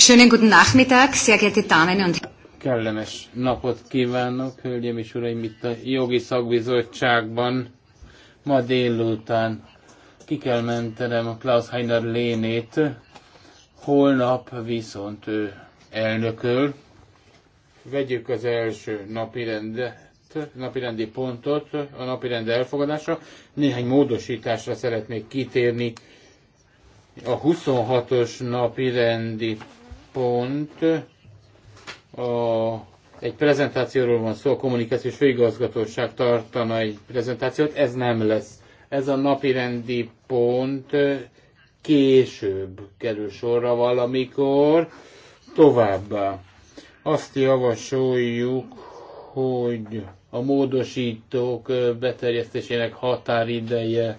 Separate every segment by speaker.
Speaker 1: Schönen guten Nachmittag, sehr geehrte Damen und
Speaker 2: Kellemes napot kívánok, hölgyeim és uraim, itt a jogi szakbizottságban ma délután ki kell mentenem a Klaus Heiner lénét, holnap viszont ő elnököl. Vegyük az első napirendet, napirendi pontot, a napirend elfogadása. Néhány módosításra szeretnék kitérni. A 26-os napirendi pont a, egy prezentációról van szó, a kommunikációs főigazgatóság tartana egy prezentációt, ez nem lesz. Ez a napirendi pont később kerül sorra valamikor. Továbbá azt javasoljuk, hogy a módosítók beterjesztésének határideje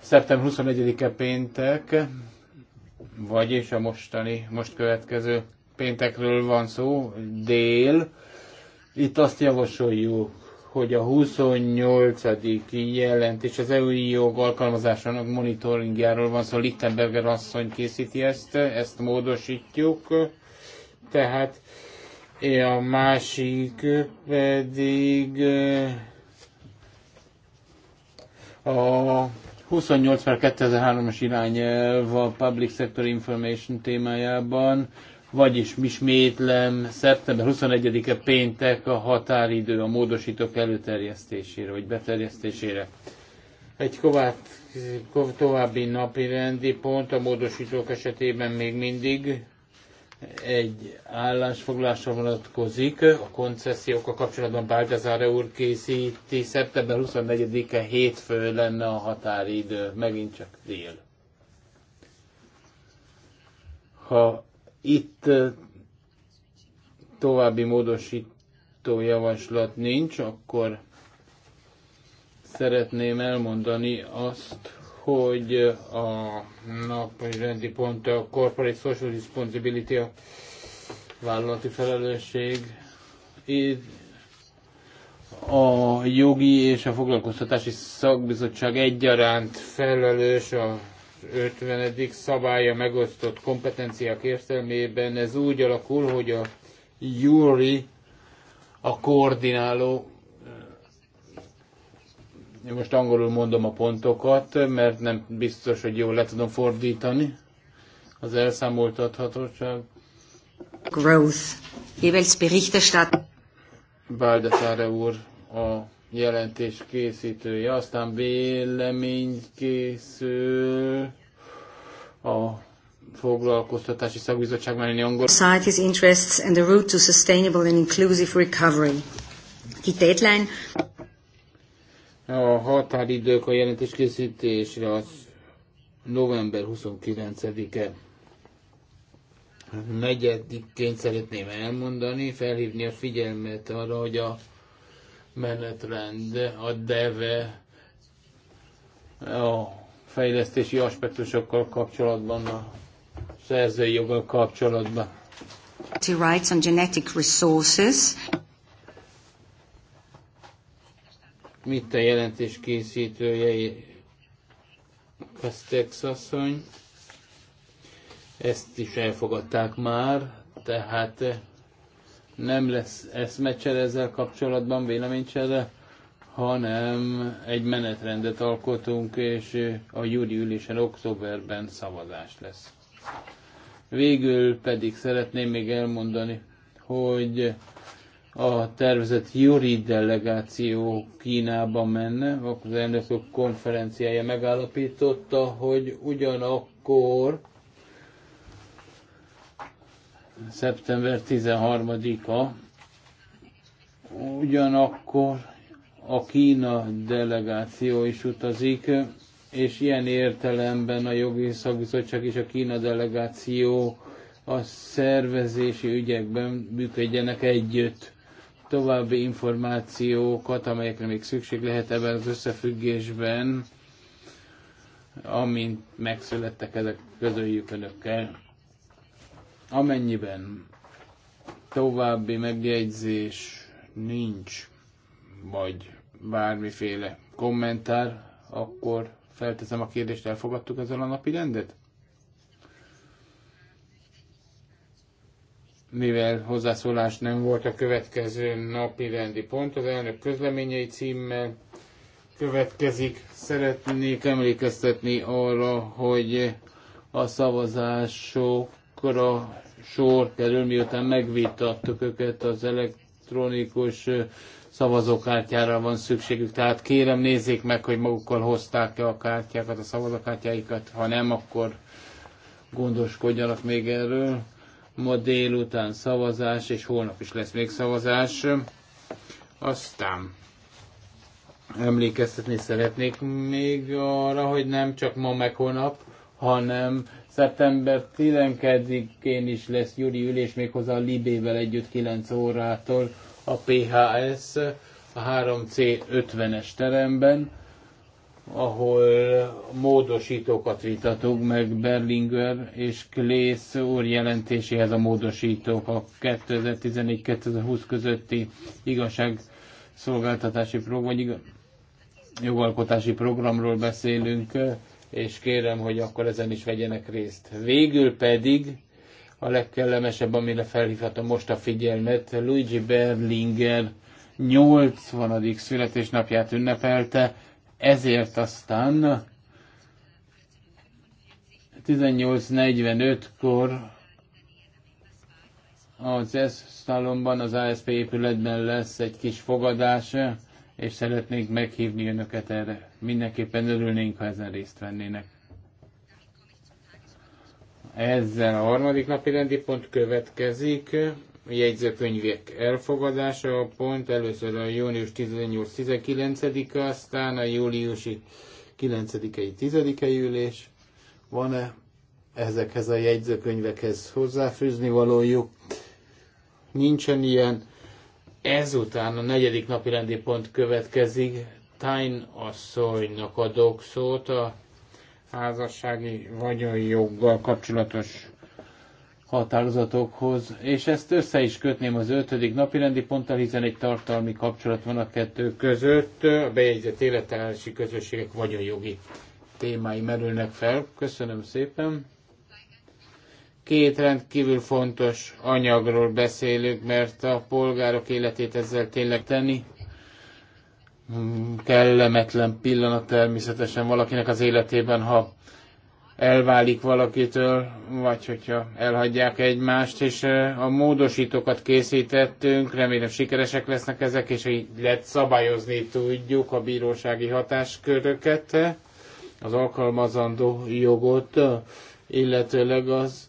Speaker 2: szeptember 21-e péntek, vagyis a mostani, most következő péntekről van szó, dél. Itt azt javasoljuk, hogy a 28. jelentés az EU jog alkalmazásának monitoringjáról van szó, Lichtenberger asszony készíti ezt, ezt módosítjuk, tehát a másik pedig a 28 per 2003-as irányelv a Public Sector Information témájában, vagyis ismétlem, szeptember 21-e péntek a határidő a módosítók előterjesztésére, vagy beterjesztésére. Egy kovább, további napi rendi pont a módosítók esetében még mindig egy állásfoglásra vonatkozik, a koncesziókkal kapcsolatban Báldazára úr készíti, szeptember 24-e hétfő lenne a határidő, megint csak dél. Ha itt eh, további módosító javaslat nincs, akkor szeretném elmondani azt, hogy a naprendi pont a Corporate Social Responsibility, a vállalati felelősség, a jogi és a foglalkoztatási szakbizottság egyaránt felelős a 50. szabálya megosztott kompetenciák értelmében. Ez úgy alakul, hogy a júri a koordináló most angolul mondom a pontokat, mert nem biztos, hogy jól le tudom fordítani. Az elszámoltathatóság.
Speaker 1: Growth. Jeweils Berichterstatter.
Speaker 2: Baldassare úr a jelentés készítője, aztán vélemény készül a foglalkoztatási szakbizottság mellé angol. Society's
Speaker 1: interests and the route to sustainable and inclusive recovery. Die Deadline
Speaker 2: a határidők a jelentés készítésre az november 29-e. Negyedikként szeretném elmondani, felhívni a figyelmet arra, hogy a menetrend, a deve, a fejlesztési aspektusokkal kapcsolatban, a szerzői joggal kapcsolatban.
Speaker 1: Rights on genetic resources.
Speaker 2: Mit a jelentés készítője, Kastex asszony. Ezt is elfogadták már, tehát nem lesz eszmecsere ezzel kapcsolatban, véleménycsere, hanem egy menetrendet alkotunk, és a júli ülésen októberben szavazás lesz. Végül pedig szeretném még elmondani, hogy a tervezett Juri delegáció Kínába menne, akkor az elnökök konferenciája megállapította, hogy ugyanakkor szeptember 13-a, ugyanakkor a Kína delegáció is utazik, és ilyen értelemben a jogi szakbizottság és a Kína delegáció a szervezési ügyekben működjenek együtt további információkat, amelyekre még szükség lehet ebben az összefüggésben, amint megszülettek ezek, közöljük önökkel. Amennyiben további megjegyzés nincs, vagy bármiféle kommentár, akkor felteszem a kérdést, elfogadtuk ezzel a napi rendet? mivel hozzászólás nem volt a következő napi rendi pont, az elnök közleményei címmel következik. Szeretnék emlékeztetni arra, hogy a szavazásokra sor kerül, miután megvitattuk őket az elektronikus szavazókártyára van szükségük. Tehát kérem nézzék meg, hogy magukkal hozták-e a kártyákat, a szavazókártyáikat, ha nem, akkor gondoskodjanak még erről. Ma délután szavazás, és holnap is lesz még szavazás. Aztán emlékeztetni szeretnék még arra, hogy nem csak ma meg holnap, hanem szeptember 12-én is lesz júli ülés, méghozzá a Libével együtt 9 órától a PHS a 3C50-es teremben ahol módosítókat vitatunk meg Berlinger és Klész úr jelentéséhez a módosítók a 2014-2020 közötti igazságszolgáltatási program, vagy jogalkotási programról beszélünk, és kérem, hogy akkor ezen is vegyenek részt. Végül pedig a legkellemesebb, amire felhívhatom most a figyelmet, Luigi Berlinger 80. születésnapját ünnepelte, ezért aztán 18.45-kor az esz az ASP épületben lesz egy kis fogadás, és szeretnénk meghívni önöket erre. Mindenképpen örülnénk, ha ezen részt vennének. Ezzel a harmadik napi rendi pont következik jegyzőkönyvek elfogadása a pont, először a június 18-19-e, aztán a júliusi 9-i 10-e ülés. Van-e ezekhez a jegyzőkönyvekhez hozzáfűzni valójuk? Nincsen ilyen. Ezután a negyedik napi rendi pont következik. Tájn asszonynak adok szót a házassági vagyonjoggal kapcsolatos határozatokhoz, és ezt össze is kötném az ötödik napi rendi ponttal, hiszen egy tartalmi kapcsolat van a kettő között, a bejegyzett életállási közösségek vagyonjogi témái merülnek fel. Köszönöm szépen! Két rendkívül fontos anyagról beszélünk, mert a polgárok életét ezzel tényleg tenni kellemetlen pillanat természetesen valakinek az életében, ha elválik valakitől, vagy hogyha elhagyják egymást, és a módosítókat készítettünk, remélem sikeresek lesznek ezek, és így lehet szabályozni tudjuk a bírósági hatásköröket, az alkalmazandó jogot, illetőleg az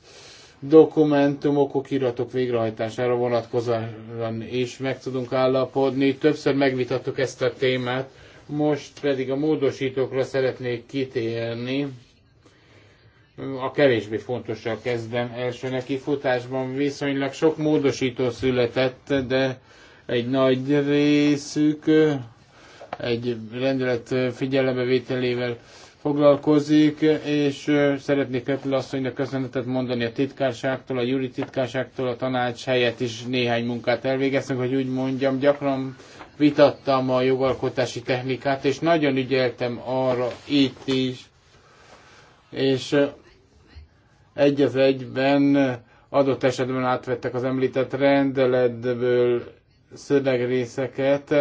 Speaker 2: dokumentumok, iratok végrehajtására vonatkozóan is meg tudunk állapodni. Többször megvitattuk ezt a témát, most pedig a módosítókra szeretnék kitérni a kevésbé fontossal kezdem. Első neki futásban viszonylag sok módosító született, de egy nagy részük eh, egy rendelet figyelembevételével foglalkozik, és eh, szeretnék Ötl asszonynak köszönetet mondani a titkárságtól, a júri titkárságtól, a tanács helyett is néhány munkát elvégeztünk, hogy úgy mondjam, gyakran vitattam a jogalkotási technikát, és nagyon ügyeltem arra itt is, és eh, egy az egyben adott esetben átvettek az említett rendeletből szövegrészeket,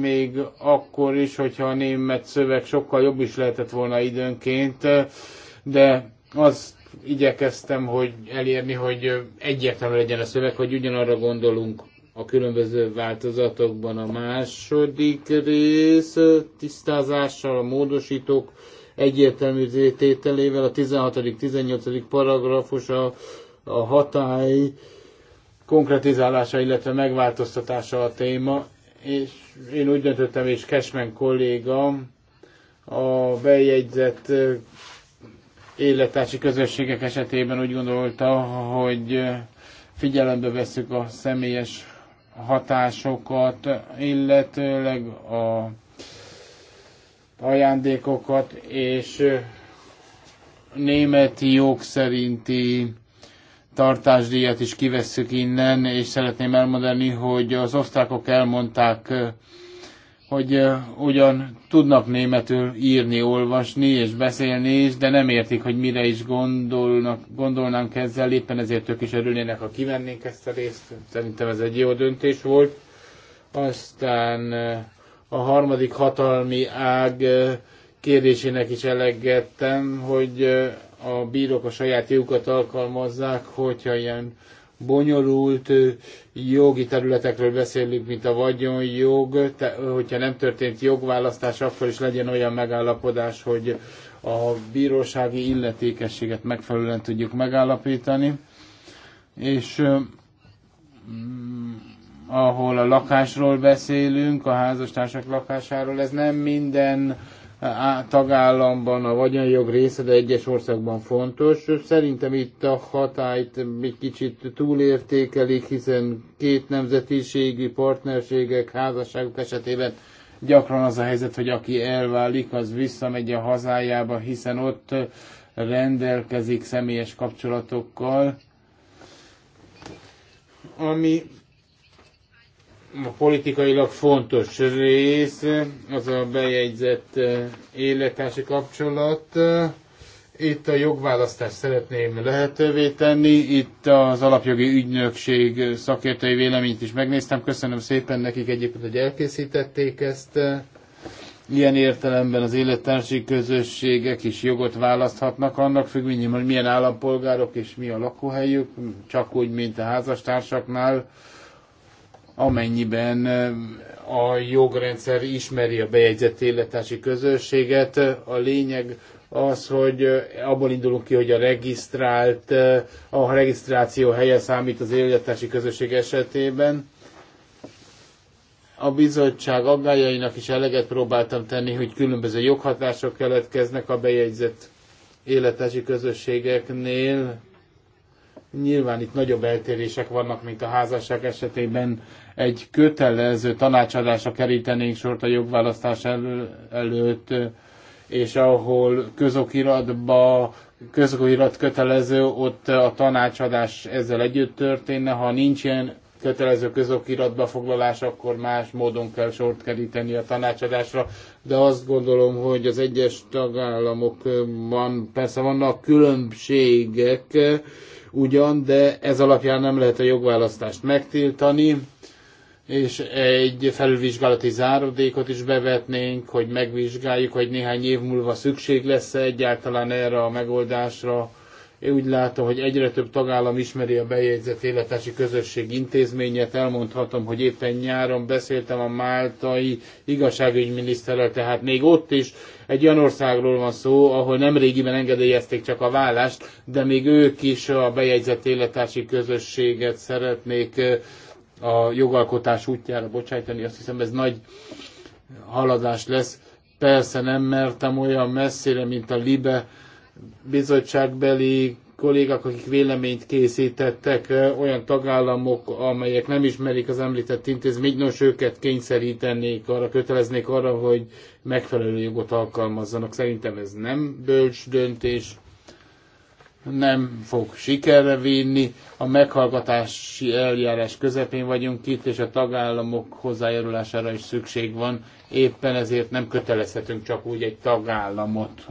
Speaker 2: még akkor is, hogyha a német szöveg sokkal jobb is lehetett volna időnként, de az igyekeztem, hogy elérni, hogy egyértelmű legyen a szöveg, hogy ugyanarra gondolunk a különböző változatokban. A második rész tisztázással, a módosítók egyértelmű tételével, a 16.-18. paragrafus a, a hatály konkretizálása, illetve megváltoztatása a téma, és én úgy döntöttem, és Kesmen kolléga a bejegyzett élettársi közösségek esetében úgy gondolta, hogy figyelembe veszük a személyes hatásokat, illetőleg a ajándékokat és németi jog szerinti tartásdíjat is kivesszük innen, és szeretném elmondani, hogy az osztrákok elmondták hogy ugyan tudnak németül írni, olvasni és beszélni is, de nem értik, hogy mire is gondolnak, gondolnánk ezzel, éppen ezért ők is örülnének, ha kivennénk ezt a részt. Szerintem ez egy jó döntés volt. Aztán a harmadik hatalmi ág kérdésének is elegettem, hogy a bírók a saját jogukat alkalmazzák, hogyha ilyen bonyolult jogi területekről beszélünk, mint a vagyonjog, te, hogyha nem történt jogválasztás, akkor is legyen olyan megállapodás, hogy a bírósági illetékességet megfelelően tudjuk megállapítani. És ahol a lakásról beszélünk, a házastársak lakásáról, ez nem minden tagállamban a vagyonjog része, de egyes országban fontos. Szerintem itt a hatályt egy kicsit túlértékelik, hiszen két nemzetiségű partnerségek, házasságok esetében gyakran az a helyzet, hogy aki elválik, az visszamegy a hazájába, hiszen ott rendelkezik személyes kapcsolatokkal, ami a politikailag fontos rész, az a bejegyzett eh, élettársi kapcsolat. Itt a jogválasztást szeretném lehetővé tenni. Itt az alapjogi ügynökség szakértői véleményt is megnéztem. Köszönöm szépen nekik egyébként, hogy elkészítették ezt. Ilyen értelemben az élettársi közösségek is jogot választhatnak annak függvényében, hogy milyen állampolgárok és mi a lakóhelyük, csak úgy, mint a házastársaknál amennyiben eh, a jogrendszer ismeri a bejegyzett élettársi közösséget. A lényeg az, hogy eh, abból indulunk ki, hogy a regisztrált, eh, a regisztráció helye számít az élettársi közösség esetében. A bizottság aggájainak is eleget próbáltam tenni, hogy különböző joghatások keletkeznek a bejegyzett élettársi közösségeknél, Nyilván itt nagyobb eltérések vannak, mint a házasság esetében. Egy kötelező tanácsadásra kerítenénk sort a jogválasztás elő, előtt, és ahol közokiratba, közokirat kötelező, ott a tanácsadás ezzel együtt történne. Ha nincs ilyen kötelező közokiratba foglalás, akkor más módon kell sort keríteni a tanácsadásra, de azt gondolom, hogy az egyes tagállamokban persze vannak különbségek, ugyan, de ez alapján nem lehet a jogválasztást megtiltani, és egy felülvizsgálati záradékot is bevetnénk, hogy megvizsgáljuk, hogy néhány év múlva szükség lesz -e egyáltalán erre a megoldásra, én úgy látom, hogy egyre több tagállam ismeri a bejegyzett élettársi közösség intézményét. Elmondhatom, hogy éppen nyáron beszéltem a máltai igazságügyminiszterrel, tehát még ott is egy olyan országról van szó, ahol nemrégiben engedélyezték csak a vállást, de még ők is a bejegyzett élettársi közösséget szeretnék a jogalkotás útjára bocsájtani. Azt hiszem, ez nagy haladás lesz. Persze nem mertem olyan messzire, mint a Libe bizottságbeli kollégák, akik véleményt készítettek olyan tagállamok, amelyek nem ismerik az említett intézményt, nos őket kényszerítenék arra, köteleznék arra, hogy megfelelő jogot alkalmazzanak. Szerintem ez nem bölcs döntés nem fog sikerre vinni. A meghallgatási eljárás közepén vagyunk itt, és a tagállamok hozzájárulására is szükség van. Éppen ezért nem kötelezhetünk csak úgy egy tagállamot,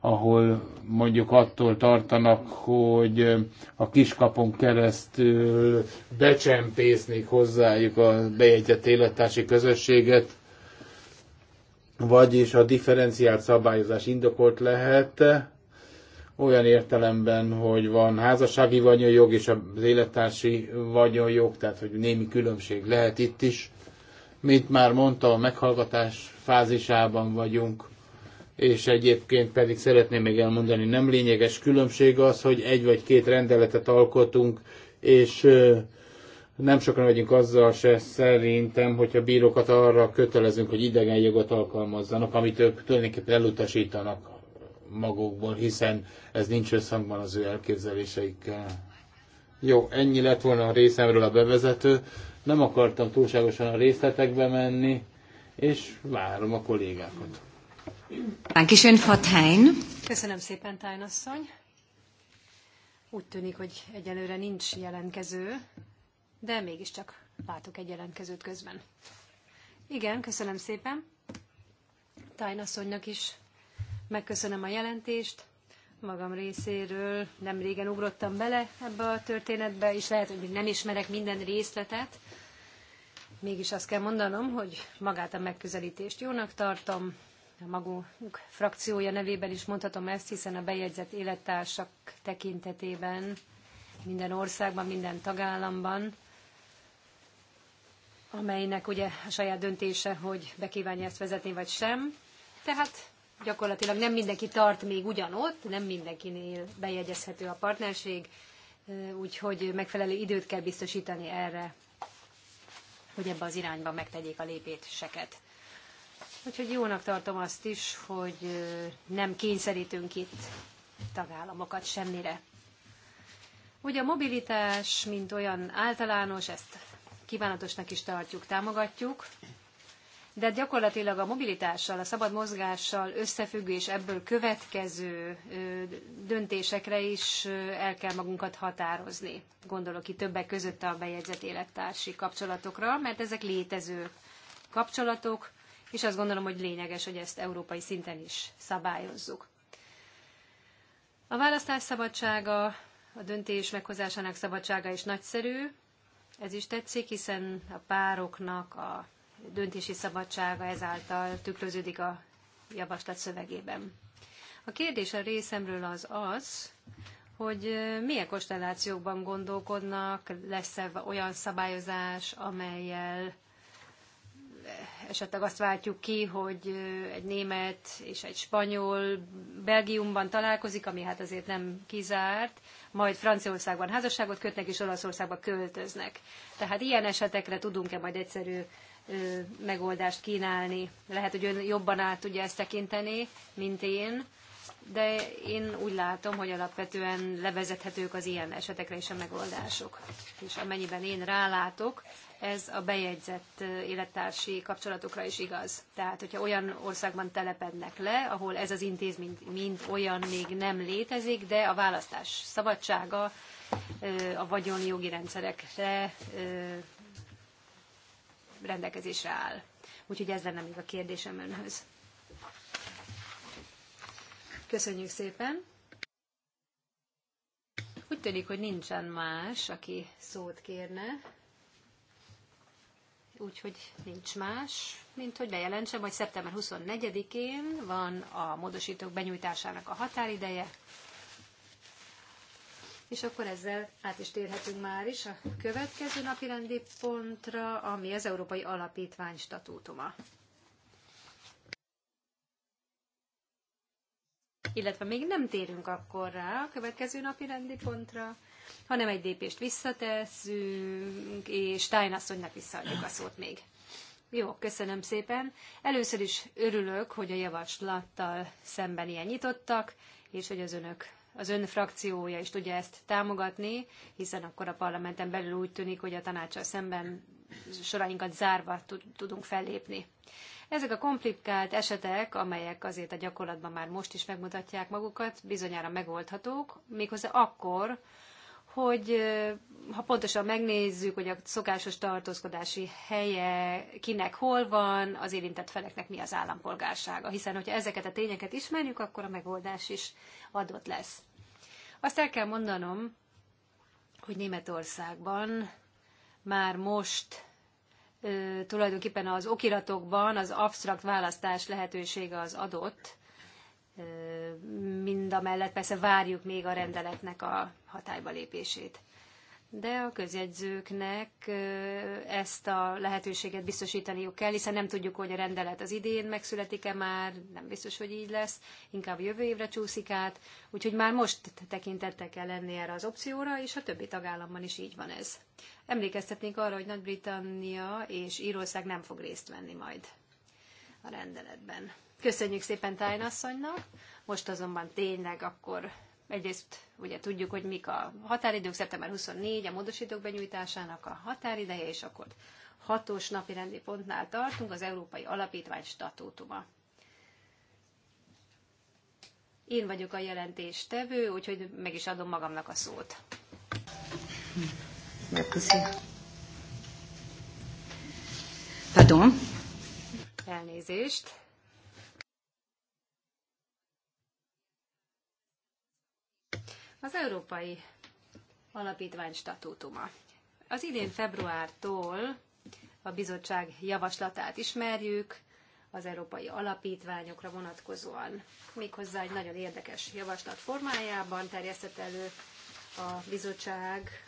Speaker 2: ahol mondjuk attól tartanak, hogy a kiskapon keresztül becsempésznék hozzájuk a bejegyzett élettársi közösséget, vagyis a differenciált szabályozás indokolt lehet, olyan értelemben, hogy van házassági vagyonjog és az élettársi vagyonjog, tehát hogy némi különbség lehet itt is. Mint már mondta, a meghallgatás fázisában vagyunk, és egyébként pedig szeretném még elmondani, nem lényeges különbség az, hogy egy vagy két rendeletet alkotunk, és nem sokan vagyunk azzal se szerintem, hogyha bírókat arra kötelezünk, hogy idegen jogot alkalmazzanak, amit ők tulajdonképpen elutasítanak magukból, hiszen ez nincs összhangban az ő elképzeléseikkel. Jó, ennyi lett volna a részemről a bevezető. Nem akartam túlságosan a részletekbe menni, és várom a kollégákat.
Speaker 1: Köszönöm szépen, Tájn asszony. Úgy tűnik, hogy egyelőre nincs jelentkező, de mégiscsak látok egy jelentkezőt közben. Igen, köszönöm szépen. Tájnasszonynak is Megköszönöm a jelentést. Magam részéről nem régen ugrottam bele ebbe a történetbe, és lehet, hogy nem ismerek minden részletet. Mégis azt kell mondanom, hogy magát a megközelítést jónak tartom. A magunk frakciója nevében is mondhatom ezt, hiszen a bejegyzett élettársak tekintetében minden országban, minden tagállamban amelynek ugye a saját döntése, hogy be ezt vezetni, vagy sem. Tehát gyakorlatilag nem mindenki tart még ugyanott, nem mindenkinél bejegyezhető a partnerség, úgyhogy megfelelő időt kell biztosítani erre, hogy ebbe az irányba megtegyék a lépéseket. Úgyhogy jónak tartom azt is, hogy nem kényszerítünk itt tagállamokat semmire. Ugye a mobilitás, mint olyan általános, ezt kívánatosnak is tartjuk, támogatjuk, de gyakorlatilag a mobilitással, a szabad mozgással összefüggő és ebből következő döntésekre is el kell magunkat határozni. Gondolok itt többek között a bejegyzett élettársi kapcsolatokra, mert ezek létező kapcsolatok, és azt gondolom, hogy lényeges, hogy ezt európai szinten is szabályozzuk. A választás szabadsága, a döntés meghozásának szabadsága is nagyszerű, ez is tetszik, hiszen a pároknak a döntési szabadsága ezáltal tükröződik a javaslat szövegében. A kérdés a részemről az az, hogy milyen konstellációkban gondolkodnak, lesz-e olyan szabályozás, amelyel esetleg azt váltjuk ki, hogy egy német és egy spanyol Belgiumban találkozik, ami hát azért nem kizárt, majd Franciaországban házasságot kötnek, és Olaszországba költöznek. Tehát ilyen esetekre tudunk-e majd egyszerű megoldást kínálni. Lehet, hogy ön jobban át tudja ezt tekinteni, mint én, de én úgy látom, hogy alapvetően levezethetők az ilyen esetekre is a megoldások. És amennyiben én rálátok, ez a bejegyzett élettársi kapcsolatokra is igaz. Tehát, hogyha olyan országban telepednek le, ahol ez az intézmény mint olyan még nem létezik, de a választás szabadsága a vagyonjogi rendszerekre rendelkezésre áll. Úgyhogy ez lenne még a kérdésem önhöz. Köszönjük szépen! Úgy tűnik, hogy nincsen más, aki szót kérne. Úgyhogy nincs más, mint hogy bejelentsem, hogy szeptember 24-én van a módosítók benyújtásának a határideje, és akkor ezzel át is térhetünk már is a következő napi rendi pontra, ami az Európai Alapítvány statútuma. Illetve még nem térünk akkor rá a következő napi rendi pontra, hanem egy lépést visszateszünk, és Stein asszonynak visszaadjuk a szót még. Jó, köszönöm szépen. Először is örülök, hogy a javaslattal szemben ilyen nyitottak, és hogy az önök az ön frakciója is tudja ezt támogatni, hiszen akkor a parlamenten belül úgy tűnik, hogy a tanácssal szemben sorainkat zárva tudunk fellépni. Ezek a komplikált esetek, amelyek azért a gyakorlatban már most is megmutatják magukat, bizonyára megoldhatók, méghozzá akkor, hogy ha pontosan megnézzük, hogy a szokásos tartózkodási helye kinek hol van, az érintett feleknek mi az állampolgársága. Hiszen, hogyha ezeket a tényeket ismerjük, akkor a megoldás is adott lesz. Azt el kell mondanom, hogy Németországban már most tulajdonképpen az okiratokban az absztrakt választás lehetősége az adott, mind a mellett persze várjuk még a rendeletnek a hatályba lépését. De a közjegyzőknek ezt a lehetőséget biztosítaniuk kell, hiszen nem tudjuk, hogy a rendelet az idén megszületik-e már, nem biztos, hogy így lesz, inkább jövő évre csúszik át, úgyhogy már most tekintettek kell lenni erre az opcióra, és a többi tagállamban is így van ez. Emlékeztetnénk arra, hogy Nagy-Britannia és Írország nem fog részt venni majd a rendeletben. Köszönjük szépen Tájnasszonynak. Most azonban tényleg akkor egyrészt ugye tudjuk, hogy mik a határidők, szeptember 24 a módosítók benyújtásának a határideje, és akkor hatós napi rendi pontnál tartunk, az Európai Alapítvány statútuma. Én vagyok a jelentéstevő, úgyhogy meg is adom magamnak a szót. Megköszönöm. Pardon. Elnézést. Az Európai Alapítvány statútuma. Az idén februártól a bizottság javaslatát ismerjük az európai alapítványokra vonatkozóan. Méghozzá egy nagyon érdekes javaslat formájában terjesztett elő a bizottság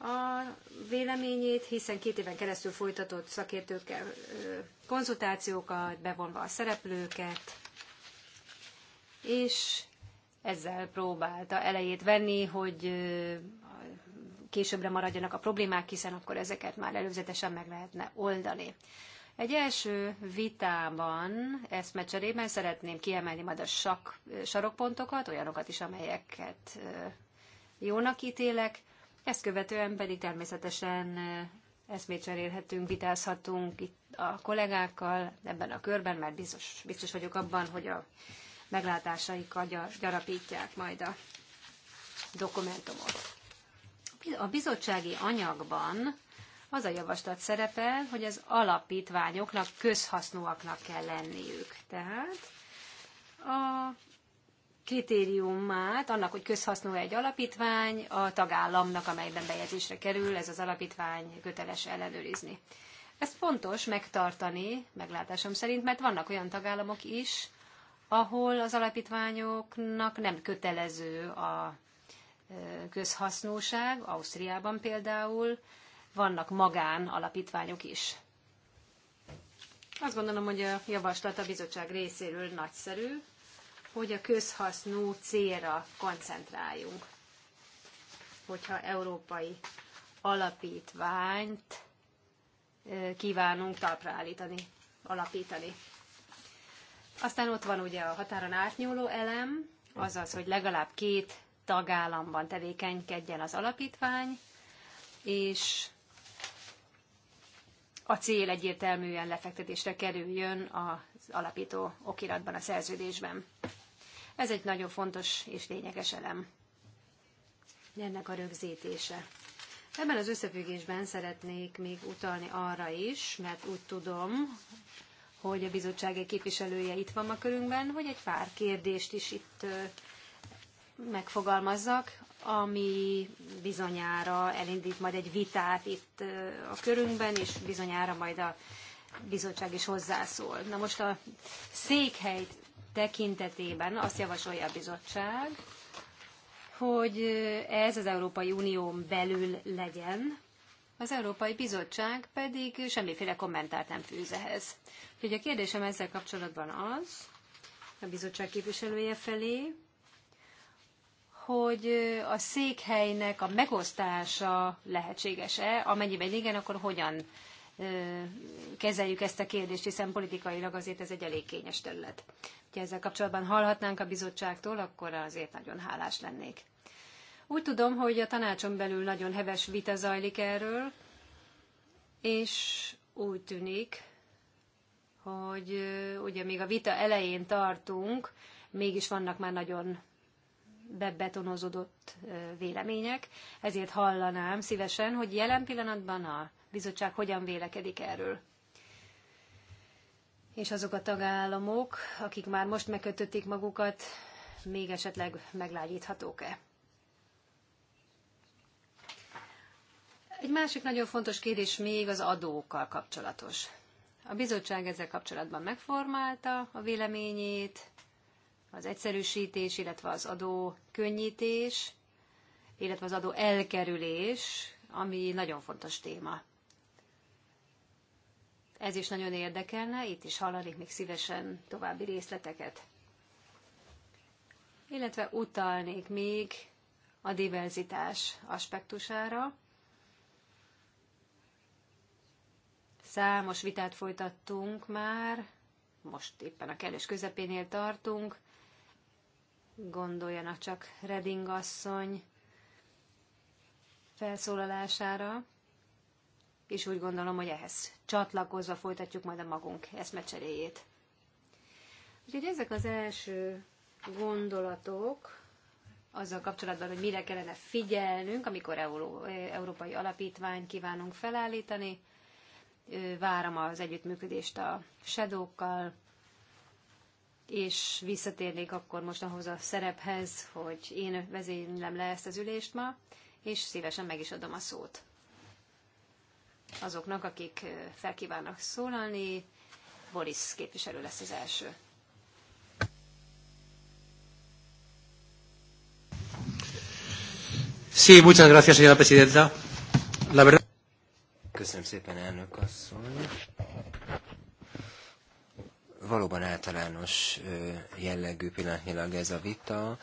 Speaker 1: a véleményét, hiszen két éven keresztül folytatott szakértőkkel konzultációkat, bevonva a szereplőket, és ezzel próbálta elejét venni, hogy későbbre maradjanak a problémák, hiszen akkor ezeket már előzetesen meg lehetne oldani. Egy első vitában, eszmecserében szeretném kiemelni majd a sak, sarokpontokat, olyanokat is, amelyeket jónak ítélek, ezt követően pedig természetesen eszmét cserélhetünk, vitázhatunk itt a kollégákkal ebben a körben, mert biztos, biztos vagyok abban, hogy a meglátásaikkal gyarapítják majd a dokumentumot. A bizottsági anyagban az a javaslat szerepel, hogy az alapítványoknak közhasznúaknak kell lenniük. Tehát a kritériumát annak, hogy közhasznú egy alapítvány a tagállamnak, amelyben bejegyzésre kerül, ez az alapítvány köteles ellenőrizni. Ez fontos megtartani, meglátásom szerint, mert vannak olyan tagállamok is, ahol az alapítványoknak nem kötelező a közhasznúság Ausztriában például, vannak magán alapítványok is. Azt gondolom, hogy a javaslat a bizottság részéről nagyszerű, hogy a közhasznú célra koncentráljunk. Hogyha európai alapítványt kívánunk talpra állítani, alapítani. Aztán ott van ugye a határon átnyúló elem, azaz, hogy legalább két tagállamban tevékenykedjen az alapítvány, és a cél egyértelműen lefektetésre kerüljön az alapító okiratban, a szerződésben. Ez egy nagyon fontos és lényeges elem ennek a rögzítése. Ebben az összefüggésben szeretnék még utalni arra is, mert úgy tudom, hogy a bizottság egy képviselője itt van ma körünkben, hogy egy pár kérdést is itt megfogalmazzak, ami bizonyára elindít majd egy vitát itt a körünkben, és bizonyára majd a bizottság is hozzászól. Na most a székhely tekintetében azt javasolja a bizottság, hogy ez az Európai Unión belül legyen, az Európai Bizottság pedig semmiféle kommentárt nem fűz ehhez. Úgyhogy a kérdésem ezzel kapcsolatban az, a bizottság képviselője felé, hogy a székhelynek a megosztása lehetséges-e, amennyiben igen, akkor hogyan kezeljük ezt a kérdést, hiszen politikailag azért ez egy elég kényes terület. Ha ezzel kapcsolatban hallhatnánk a bizottságtól, akkor azért nagyon hálás lennék. Úgy tudom, hogy a tanácson belül nagyon heves vita zajlik erről, és úgy tűnik, hogy ugye még a vita elején tartunk, mégis vannak már nagyon bebetonozódott vélemények, ezért hallanám szívesen, hogy jelen pillanatban a bizottság hogyan vélekedik erről. És azok a tagállamok, akik már most megkötötték magukat, még esetleg meglágyíthatók-e? Egy másik nagyon fontos kérdés még az adókkal kapcsolatos. A bizottság ezzel kapcsolatban megformálta a véleményét, az egyszerűsítés, illetve az adó könnyítés, illetve az adó elkerülés, ami nagyon fontos téma. Ez is nagyon érdekelne, itt is hallanék még szívesen további részleteket. Illetve utalnék még a diverzitás aspektusára, Számos vitát folytattunk már, most éppen a kellős közepénél tartunk. Gondoljanak csak Reding asszony felszólalására, és úgy gondolom, hogy ehhez csatlakozva folytatjuk majd a magunk eszmecseréjét. Úgyhogy ezek az első gondolatok azzal kapcsolatban, hogy mire kellene figyelnünk, amikor európai alapítványt kívánunk felállítani, várom az együttműködést a shadow és visszatérnék akkor most ahhoz a szerephez, hogy én vezénylem le ezt az ülést ma, és szívesen meg is adom a szót azoknak, akik felkívánnak szólalni. Boris képviselő lesz az első.
Speaker 2: Sí, muchas gracias, señora presidenta. La verdad...
Speaker 3: Köszönöm szépen, elnök asszony. Valóban általános jellegű pillanatnyilag ez a vita,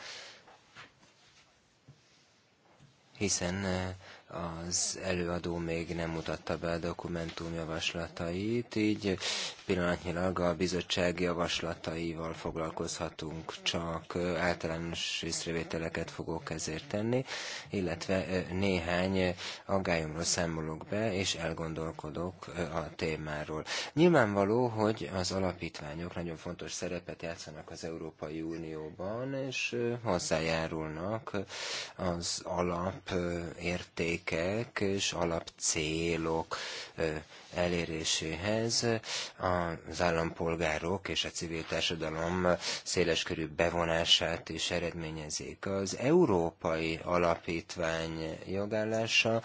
Speaker 3: hiszen az előadó még nem mutatta be a dokumentum javaslatait, így pillanatnyilag a bizottság javaslataival foglalkozhatunk, csak általános észrevételeket fogok ezért tenni, illetve néhány aggályomról számolok be, és elgondolkodok a témáról. Nyilvánvaló, hogy az alapítványok nagyon fontos szerepet játszanak az Európai Unióban, és hozzájárulnak az alap értékek és alapcélok eléréséhez az állampolgárok és a civil társadalom széleskörű bevonását is eredményezik. Az Európai Alapítvány jogállása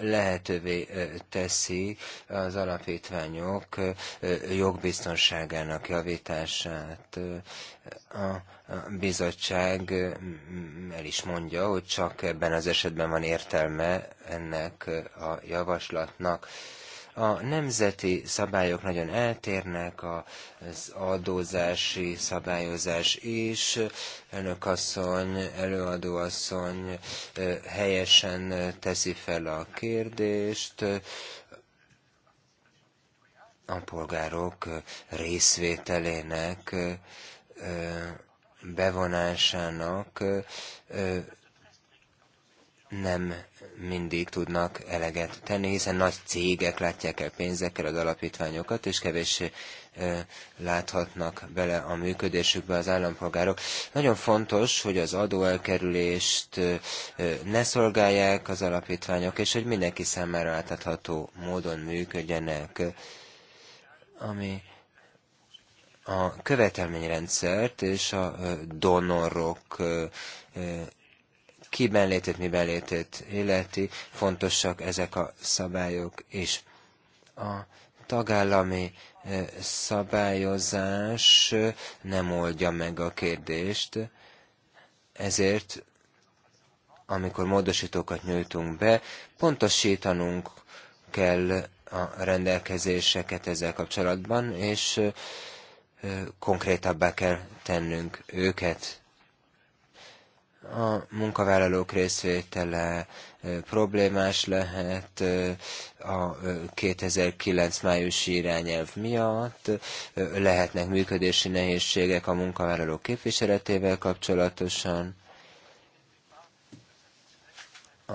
Speaker 3: lehetővé teszi az alapítványok jogbiztonságának javítását. A a bizottság el is mondja, hogy csak ebben az esetben van értelme ennek a javaslatnak. A nemzeti szabályok nagyon eltérnek, az adózási szabályozás is. Önök asszony, előadó asszony helyesen teszi fel a kérdést a polgárok részvételének, bevonásának nem mindig tudnak eleget tenni, hiszen nagy cégek látják el pénzekkel az alapítványokat, és kevés láthatnak bele a működésükbe az állampolgárok. Nagyon fontos, hogy az adóelkerülést ne szolgálják az alapítványok, és hogy mindenki számára átadható módon működjenek. Ami a követelményrendszert és a donorok kiben létét, miben létét illeti, fontosak ezek a szabályok is. A tagállami e, szabályozás e, nem oldja meg a kérdést, ezért amikor módosítókat nyújtunk be, pontosítanunk kell a rendelkezéseket ezzel kapcsolatban, és e, konkrétabbá kell tennünk őket a munkavállalók részvétele problémás lehet a 2009 májusi irányelv miatt, lehetnek működési nehézségek a munkavállalók képviseletével kapcsolatosan, a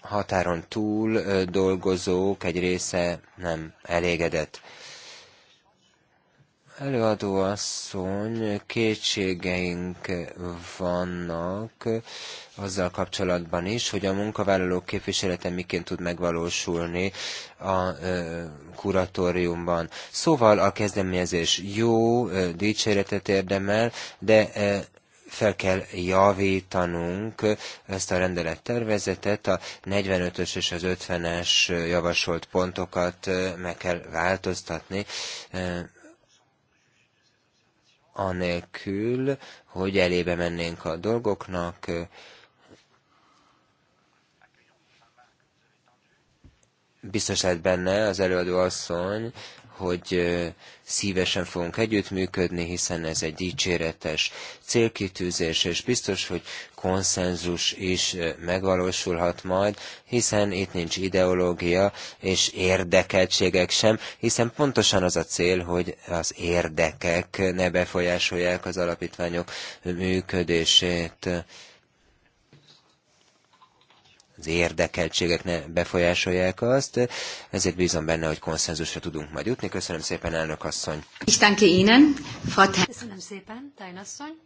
Speaker 3: határon túl dolgozók egy része nem elégedett. Előadó asszony, kétségeink vannak azzal kapcsolatban is, hogy a munkavállalók képviselete miként tud megvalósulni a kuratóriumban. Szóval a kezdeményezés jó, dicséretet érdemel, de fel kell javítanunk ezt a rendelettervezetet, a 45-ös és az 50-es javasolt pontokat meg kell változtatni, anélkül, hogy elébe mennénk a dolgoknak, biztos lett benne az előadó asszony, hogy szívesen fogunk együttműködni, hiszen ez egy dicséretes célkitűzés, és biztos, hogy konszenzus is megvalósulhat majd, hiszen itt nincs ideológia és érdekeltségek sem, hiszen pontosan az a cél, hogy az érdekek ne befolyásolják az alapítványok működését az érdekeltségek ne befolyásolják azt, ezért bízom benne, hogy konszenzusra tudunk majd jutni. Köszönöm szépen, elnök asszony.
Speaker 1: Köszönöm szépen, tájnasszony.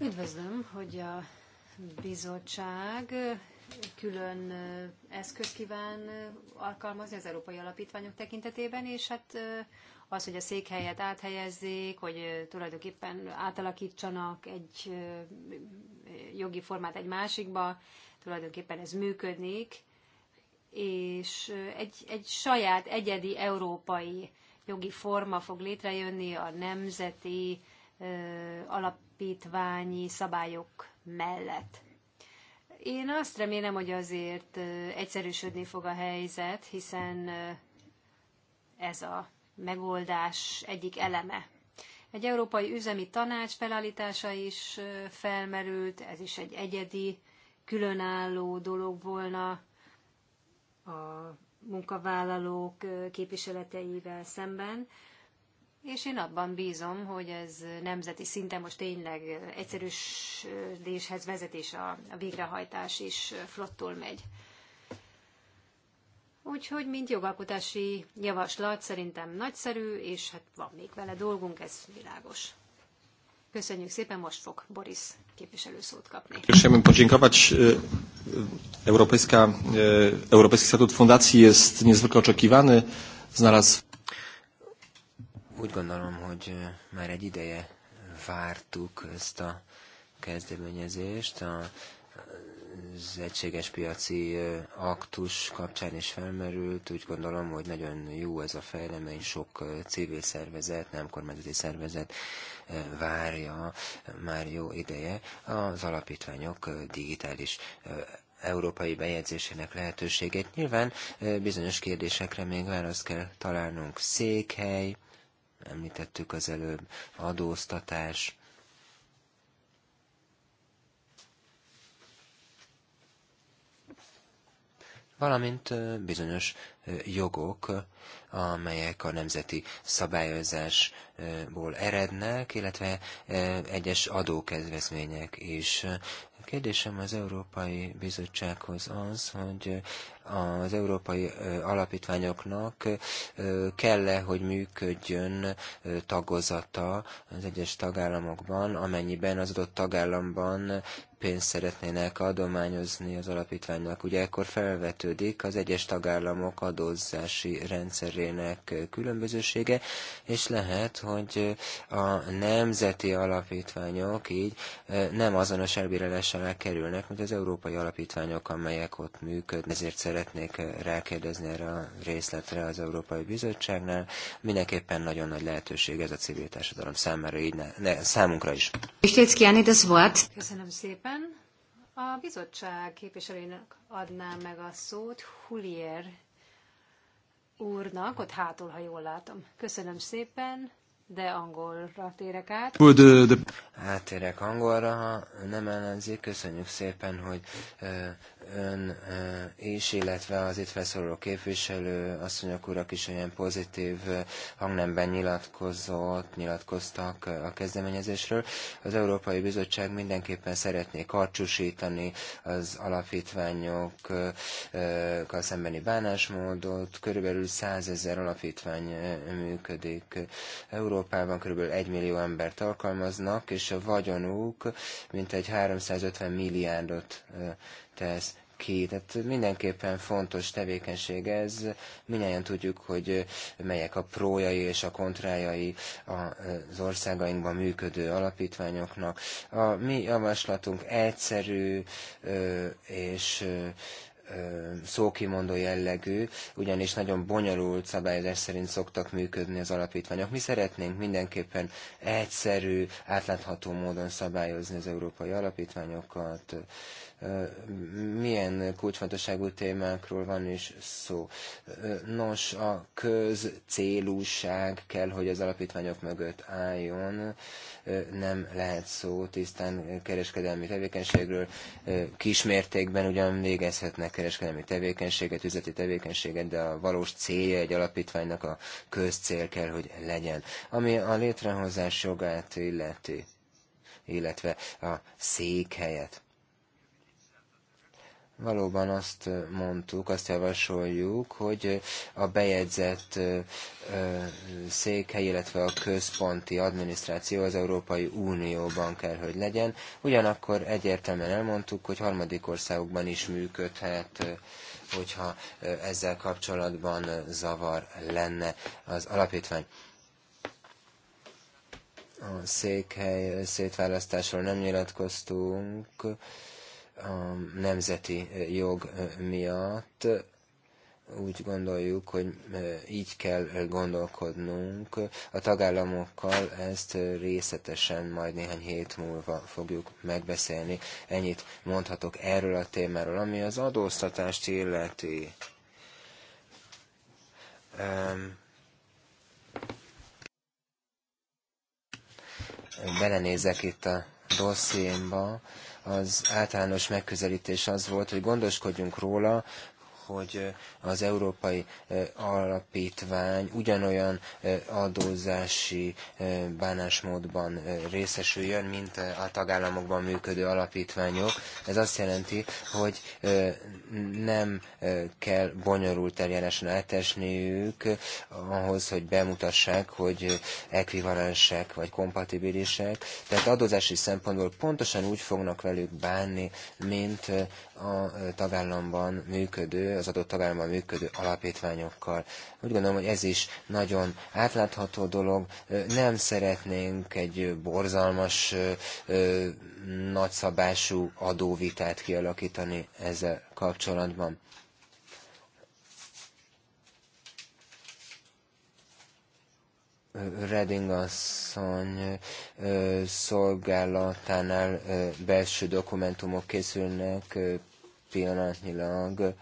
Speaker 1: Üdvözlöm, hogy a bizottság külön eszköz kíván alkalmazni az európai alapítványok tekintetében, és hát az, hogy a székhelyet áthelyezzék, hogy tulajdonképpen átalakítsanak egy jogi formát egy másikba, tulajdonképpen ez működik, és egy, egy saját egyedi európai jogi forma fog létrejönni a nemzeti alapítványi szabályok mellett. Én azt remélem, hogy azért egyszerűsödni fog a helyzet, hiszen ez a megoldás egyik eleme. Egy európai üzemi tanács felállítása is felmerült, ez is egy egyedi, különálló dolog volna a munkavállalók képviseleteivel szemben, és én abban bízom, hogy ez nemzeti szinten most tényleg egyszerűsítéshez vezet, és a végrehajtás is flottul megy. Úgyhogy, mint jogalkotási javaslat szerintem nagyszerű, és hát van még vele dolgunk, ez világos. Köszönjük szépen, most fog Boris képviselő szót kapni. Köszönöm.
Speaker 3: podziękować. E, Európai e, Europejski Statut Fundacji jest niezwykle oczekiwany. Úgy gondolom, hogy e, már egy ideje vártuk ezt a kezdeményezést. A az egységes piaci aktus kapcsán is felmerült. Úgy gondolom, hogy nagyon jó ez a fejlemény, sok civil szervezet, nem kormányzati szervezet várja már jó ideje az alapítványok digitális európai bejegyzésének lehetőségét. Nyilván bizonyos kérdésekre még választ kell találnunk. Székhely, említettük az előbb, adóztatás, valamint bizonyos jogok, amelyek a nemzeti szabályozásból erednek, illetve egyes adókedvezmények is. A kérdésem az Európai Bizottsághoz az, hogy az európai alapítványoknak kell-e, hogy működjön tagozata az egyes tagállamokban, amennyiben az adott tagállamban pénzt szeretnének adományozni az alapítványnak. Ugye ekkor felvetődik az egyes tagállamok adózási rendszerének különbözősége, és lehet, hogy a nemzeti alapítványok így nem azonos elbírálással kerülnek, mint az európai alapítványok, amelyek ott működnek. Ezért szeretnék rákérdezni erre a részletre az Európai Bizottságnál. Mindenképpen nagyon nagy lehetőség ez a civil társadalom számára, így ne, ne, számunkra is.
Speaker 1: Köszönöm szépen szépen. A bizottság képviselőjének adnám meg a szót Hulier úrnak, ott hátul, ha jól látom. Köszönöm szépen, de angolra térek át.
Speaker 3: Áttérek angolra, ha nem ellenzik, köszönjük szépen, hogy ön is, eh, illetve az itt felszóló képviselő asszonyok, urak is olyan pozitív eh, hangnemben nyilatkozott, nyilatkoztak eh, a kezdeményezésről. Az Európai Bizottság mindenképpen szeretné karcsúsítani az alapítványokkal szembeni bánásmódot. Körülbelül 100 ezer alapítvány működik Európában, körülbelül 1 millió embert alkalmaznak, és a vagyonuk mintegy 350 milliárdot tesz ki. Tehát mindenképpen fontos tevékenység ez. Minnyáján tudjuk, hogy melyek a prójai és a kontrájai az országainkban működő alapítványoknak. A mi javaslatunk egyszerű és szókimondó jellegű, ugyanis nagyon bonyolult szabályozás szerint szoktak működni az alapítványok. Mi szeretnénk mindenképpen egyszerű, átlátható módon szabályozni az európai alapítványokat. Milyen kulcsfontosságú témákról van is szó? Nos, a közcélúság kell, hogy az alapítványok mögött álljon. Nem lehet szó tisztán kereskedelmi tevékenységről. Kismértékben ugyan végezhetnek kereskedelmi tevékenységet, üzleti tevékenységet, de a valós célja egy alapítványnak a közcél kell, hogy legyen. Ami a létrehozás jogát illeti, illetve a székhelyet. Valóban azt mondtuk, azt javasoljuk, hogy a bejegyzett székhely, illetve a központi adminisztráció az Európai Unióban kell, hogy legyen. Ugyanakkor egyértelműen elmondtuk, hogy harmadik országokban is működhet, hogyha ezzel kapcsolatban zavar lenne az alapítvány a székhely szétválasztásról nem nyilatkoztunk, a nemzeti eh, jog eh, miatt úgy gondoljuk, hogy eh, így kell gondolkodnunk. A tagállamokkal ezt részletesen majd néhány hét múlva fogjuk megbeszélni. Ennyit mondhatok erről a témáról, ami az adóztatást illeti. Um, belenézek itt a dossziémba, az általános megközelítés az volt, hogy gondoskodjunk róla, hogy az Európai Alapítvány ugyanolyan adózási bánásmódban részesüljön, mint a tagállamokban működő alapítványok. Ez azt jelenti, hogy nem kell bonyolult eljáráson átesniük ahhoz, hogy bemutassák, hogy ekvivalensek vagy kompatibilisek. Tehát adózási szempontból pontosan úgy fognak velük bánni, mint a tagállamban működő, az adott tagállamban működő alapítványokkal. Úgy gondolom, hogy ez is nagyon átlátható dolog. Nem szeretnénk egy borzalmas, nagyszabású adóvitát kialakítani ezzel kapcsolatban. Reding asszony szolgálatánál belső dokumentumok készülnek pillanatnyilag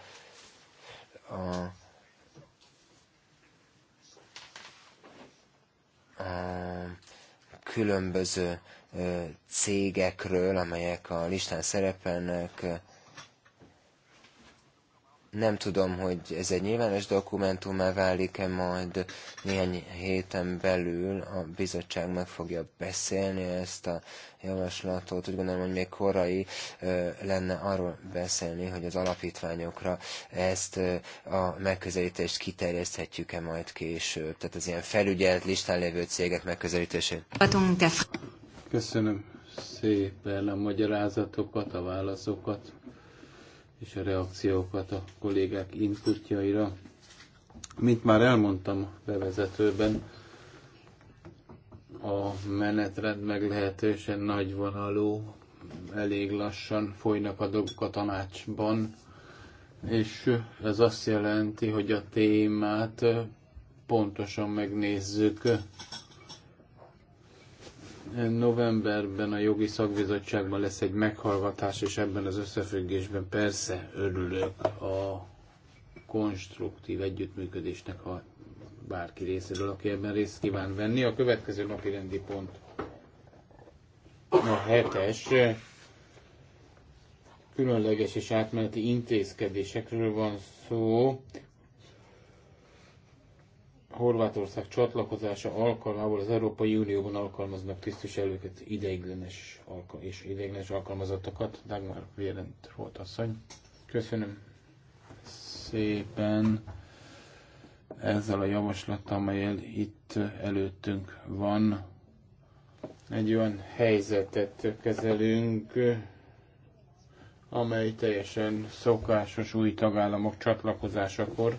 Speaker 3: a, a különböző cégekről, amelyek a listán szerepelnek, nem tudom, hogy ez egy nyilvános dokumentumá válik-e majd néhány héten belül a bizottság meg fogja beszélni ezt a javaslatot. Úgy gondolom, hogy még korai ö, lenne arról beszélni, hogy az alapítványokra ezt ö, a megközelítést kiterjeszthetjük-e majd később. Tehát az ilyen felügyelt listán lévő cégek megközelítését. Köszönöm szépen
Speaker 2: a magyarázatokat, a válaszokat és a reakciókat a kollégák inputjaira. Mint már elmondtam bevezetőben, a menetrend meglehetősen nagyvonalú, elég lassan folynak a dolgok a tanácsban, és ez azt jelenti, hogy a témát pontosan megnézzük novemberben a jogi szakbizottságban lesz egy meghallgatás, és ebben az összefüggésben persze örülök a konstruktív együttműködésnek, ha bárki részéről, aki ebben részt kíván venni. A következő napi rendi pont a hetes különleges és átmeneti intézkedésekről van szó. Horvátország csatlakozása alkalmával az Európai Unióban alkalmaznak tisztviselőket, ideiglenes alka- és ideiglenes alkalmazottakat. Dagmar Vérent volt asszony. Köszönöm szépen ezzel a javaslattal, amelyel itt előttünk van. Egy olyan helyzetet kezelünk, amely teljesen szokásos új tagállamok csatlakozásakor,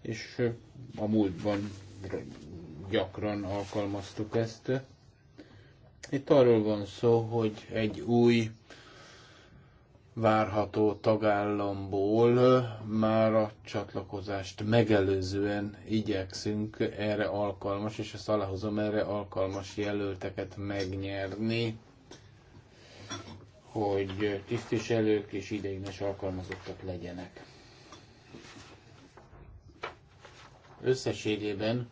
Speaker 2: és a múltban gyakran alkalmaztuk ezt. Itt arról van szó, hogy egy új várható tagállamból már a csatlakozást megelőzően igyekszünk erre alkalmas, és ezt aláhozom, erre alkalmas jelölteket megnyerni, hogy tisztviselők és ideiglenes alkalmazottak legyenek. Összességében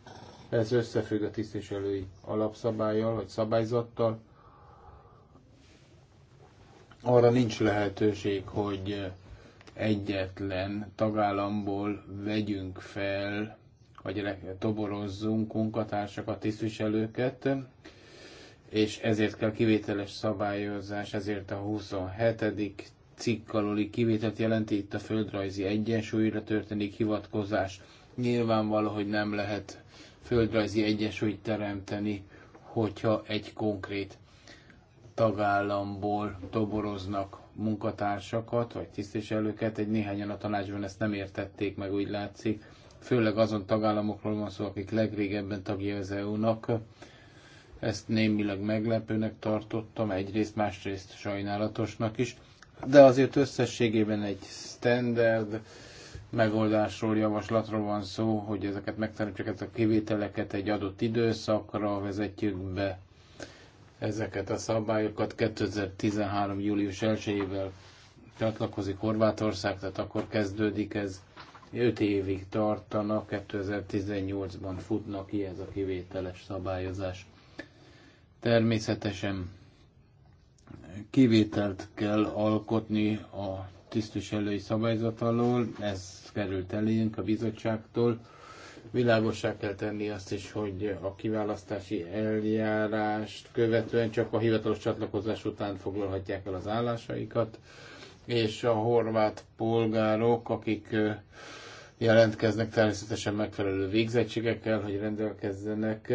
Speaker 2: ez összefügg a tisztviselői alapszabályjal, vagy szabályzattal. Arra nincs lehetőség, hogy egyetlen tagállamból vegyünk fel, vagy toborozzunk munkatársakat, tisztviselőket, és ezért kell kivételes szabályozás, ezért a 27. cikk aluli kivételt jelenti, itt a földrajzi egyensúlyra történik hivatkozás. Nyilvánvaló, hogy nem lehet földrajzi egyensúlyt teremteni, hogyha egy konkrét tagállamból toboroznak munkatársakat, vagy tisztviselőket, egy néhányan a tanácsban ezt nem értették meg, úgy látszik. Főleg azon tagállamokról van szó, akik legrégebben tagja az EU-nak. Ezt némileg meglepőnek tartottam, egyrészt, másrészt sajnálatosnak is. De azért összességében egy standard, megoldásról, javaslatról van szó, hogy ezeket megtanuljuk ezeket a kivételeket egy adott időszakra vezetjük be ezeket a szabályokat 2013. július 1-ével csatlakozik Horvátország, tehát akkor kezdődik ez. 5 évig tartanak, 2018-ban futnak ki ez a kivételes szabályozás. Természetesen kivételt kell alkotni a tisztviselői szabályzat alól, ez került elénk a bizottságtól. Világosá kell tenni azt is, hogy a kiválasztási eljárást követően csak a hivatalos csatlakozás után foglalhatják el az állásaikat, és a horvát polgárok, akik jelentkeznek természetesen megfelelő végzettségekkel, hogy rendelkezzenek,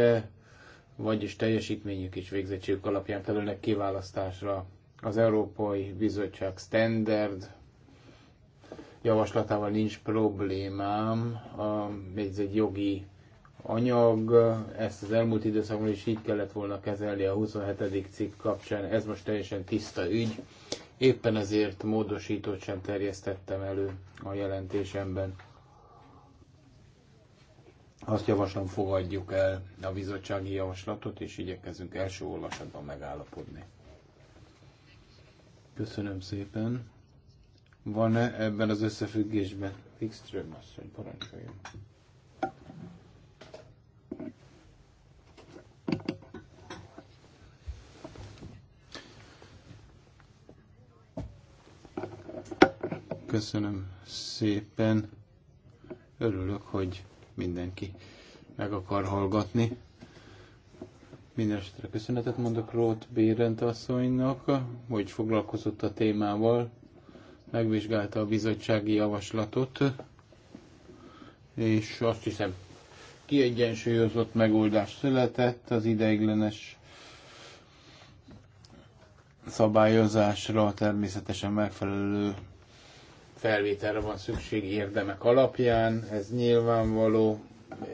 Speaker 2: vagyis teljesítményük és végzettségük alapján kerülnek kiválasztásra az Európai Bizottság standard javaslatával nincs problémám, ez egy jogi anyag, ezt az elmúlt időszakban is így kellett volna kezelni a 27. cikk kapcsán, ez most teljesen tiszta ügy, éppen ezért módosítót sem terjesztettem elő a jelentésemben. Azt javaslom, fogadjuk el a bizottsági javaslatot, és igyekezünk első olvasatban megállapodni. Köszönöm szépen! van-e ebben az összefüggésben? Wikström asszony, parancsoljon. Köszönöm szépen. Örülök, hogy mindenki meg akar hallgatni. Mindenesetre köszönetet mondok Rót Bérent asszonynak, hogy foglalkozott a témával megvizsgálta a bizottsági javaslatot, és azt hiszem kiegyensúlyozott megoldás született az ideiglenes szabályozásra természetesen megfelelő felvételre van szükség érdemek alapján, ez nyilvánvaló,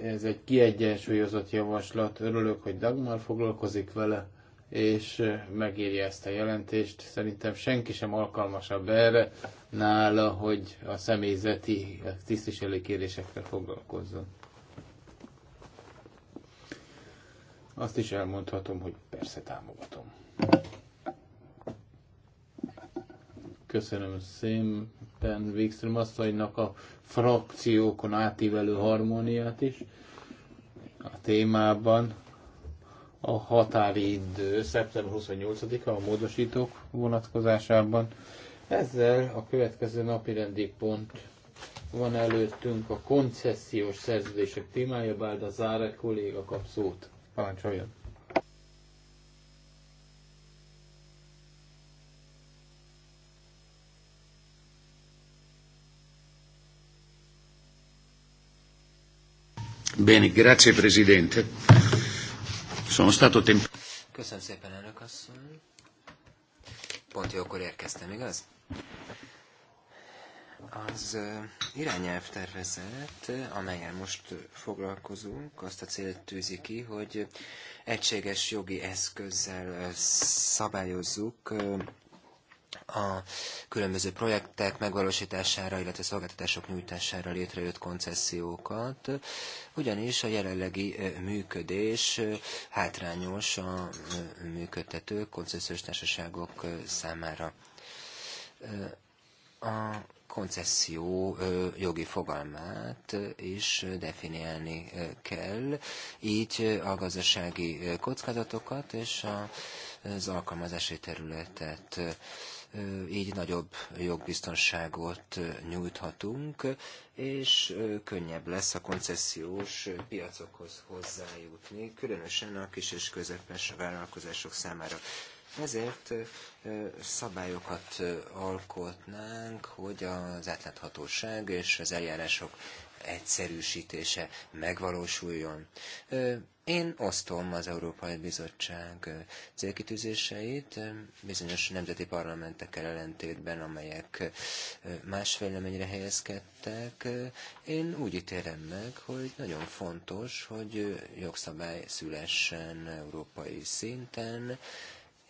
Speaker 2: ez egy kiegyensúlyozott javaslat, örülök, hogy Dagmar foglalkozik vele, és megírja ezt a jelentést. Szerintem senki sem alkalmasabb erre nála, hogy a személyzeti a tisztviselői kérdésekkel foglalkozzon. Azt is elmondhatom, hogy persze támogatom. Köszönöm szépen Wikström asszonynak a frakciókon átívelő harmóniát is a témában a határidő szeptember 28-a a módosítók vonatkozásában. Ezzel a következő napi rendi pont van előttünk a koncesziós szerződések témája, bár a Záre kolléga kap szót. Parancsoljon! Bene, grazie Presidente. Sono stato
Speaker 3: Köszönöm szépen, elnök asszony. Pont jókor érkeztem, igaz? Az irányelv tervezet, amelyen most foglalkozunk, azt a célt tűzi ki, hogy egységes jogi eszközzel szabályozzuk a különböző projektek megvalósítására, illetve szolgáltatások nyújtására létrejött koncesziókat, ugyanis a jelenlegi működés hátrányos a működtető koncesziós társaságok számára. A koncesszió jogi fogalmát is definiálni kell, így a gazdasági kockázatokat és az alkalmazási területet így nagyobb jogbiztonságot nyújthatunk, és könnyebb lesz a koncesziós piacokhoz hozzájutni, különösen a kis és közepes vállalkozások számára. Ezért szabályokat alkotnánk, hogy az átláthatóság és az eljárások egyszerűsítése megvalósuljon. Én osztom az Európai Bizottság célkitűzéseit bizonyos nemzeti parlamentekkel ellentétben, amelyek más véleményre helyezkedtek. Én úgy ítélem meg, hogy nagyon fontos, hogy jogszabály szülessen európai szinten,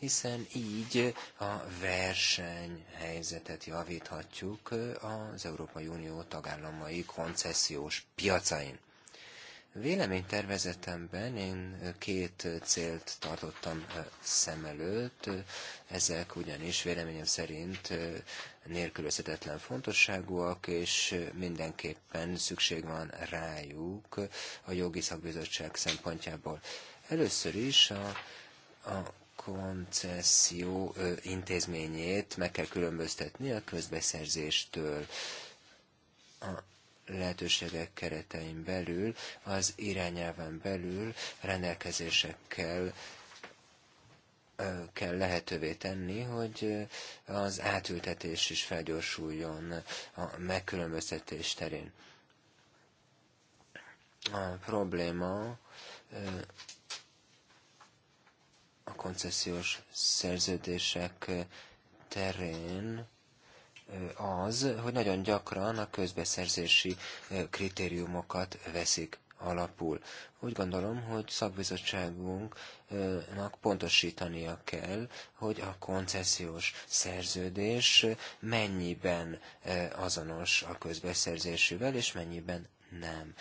Speaker 3: hiszen így a versenyhelyzetet javíthatjuk az Európai Unió tagállamai koncesziós piacain. Véleménytervezetemben én két célt tartottam szem előtt, ezek ugyanis véleményem szerint nélkülözhetetlen fontosságúak, és mindenképpen szükség van rájuk a jogi szakbizottság szempontjából. Először is a, a koncesszió intézményét meg kell különböztetni a közbeszerzéstől. A lehetőségek keretein belül, az irányelven belül rendelkezésekkel kell lehetővé tenni, hogy az átültetés is felgyorsuljon a megkülönböztetés terén. A probléma a koncesziós szerződések terén az, hogy nagyon gyakran a közbeszerzési kritériumokat veszik alapul. Úgy gondolom, hogy szakbizottságunknak pontosítania kell, hogy a koncesziós szerződés mennyiben azonos a közbeszerzésével, és mennyiben nem.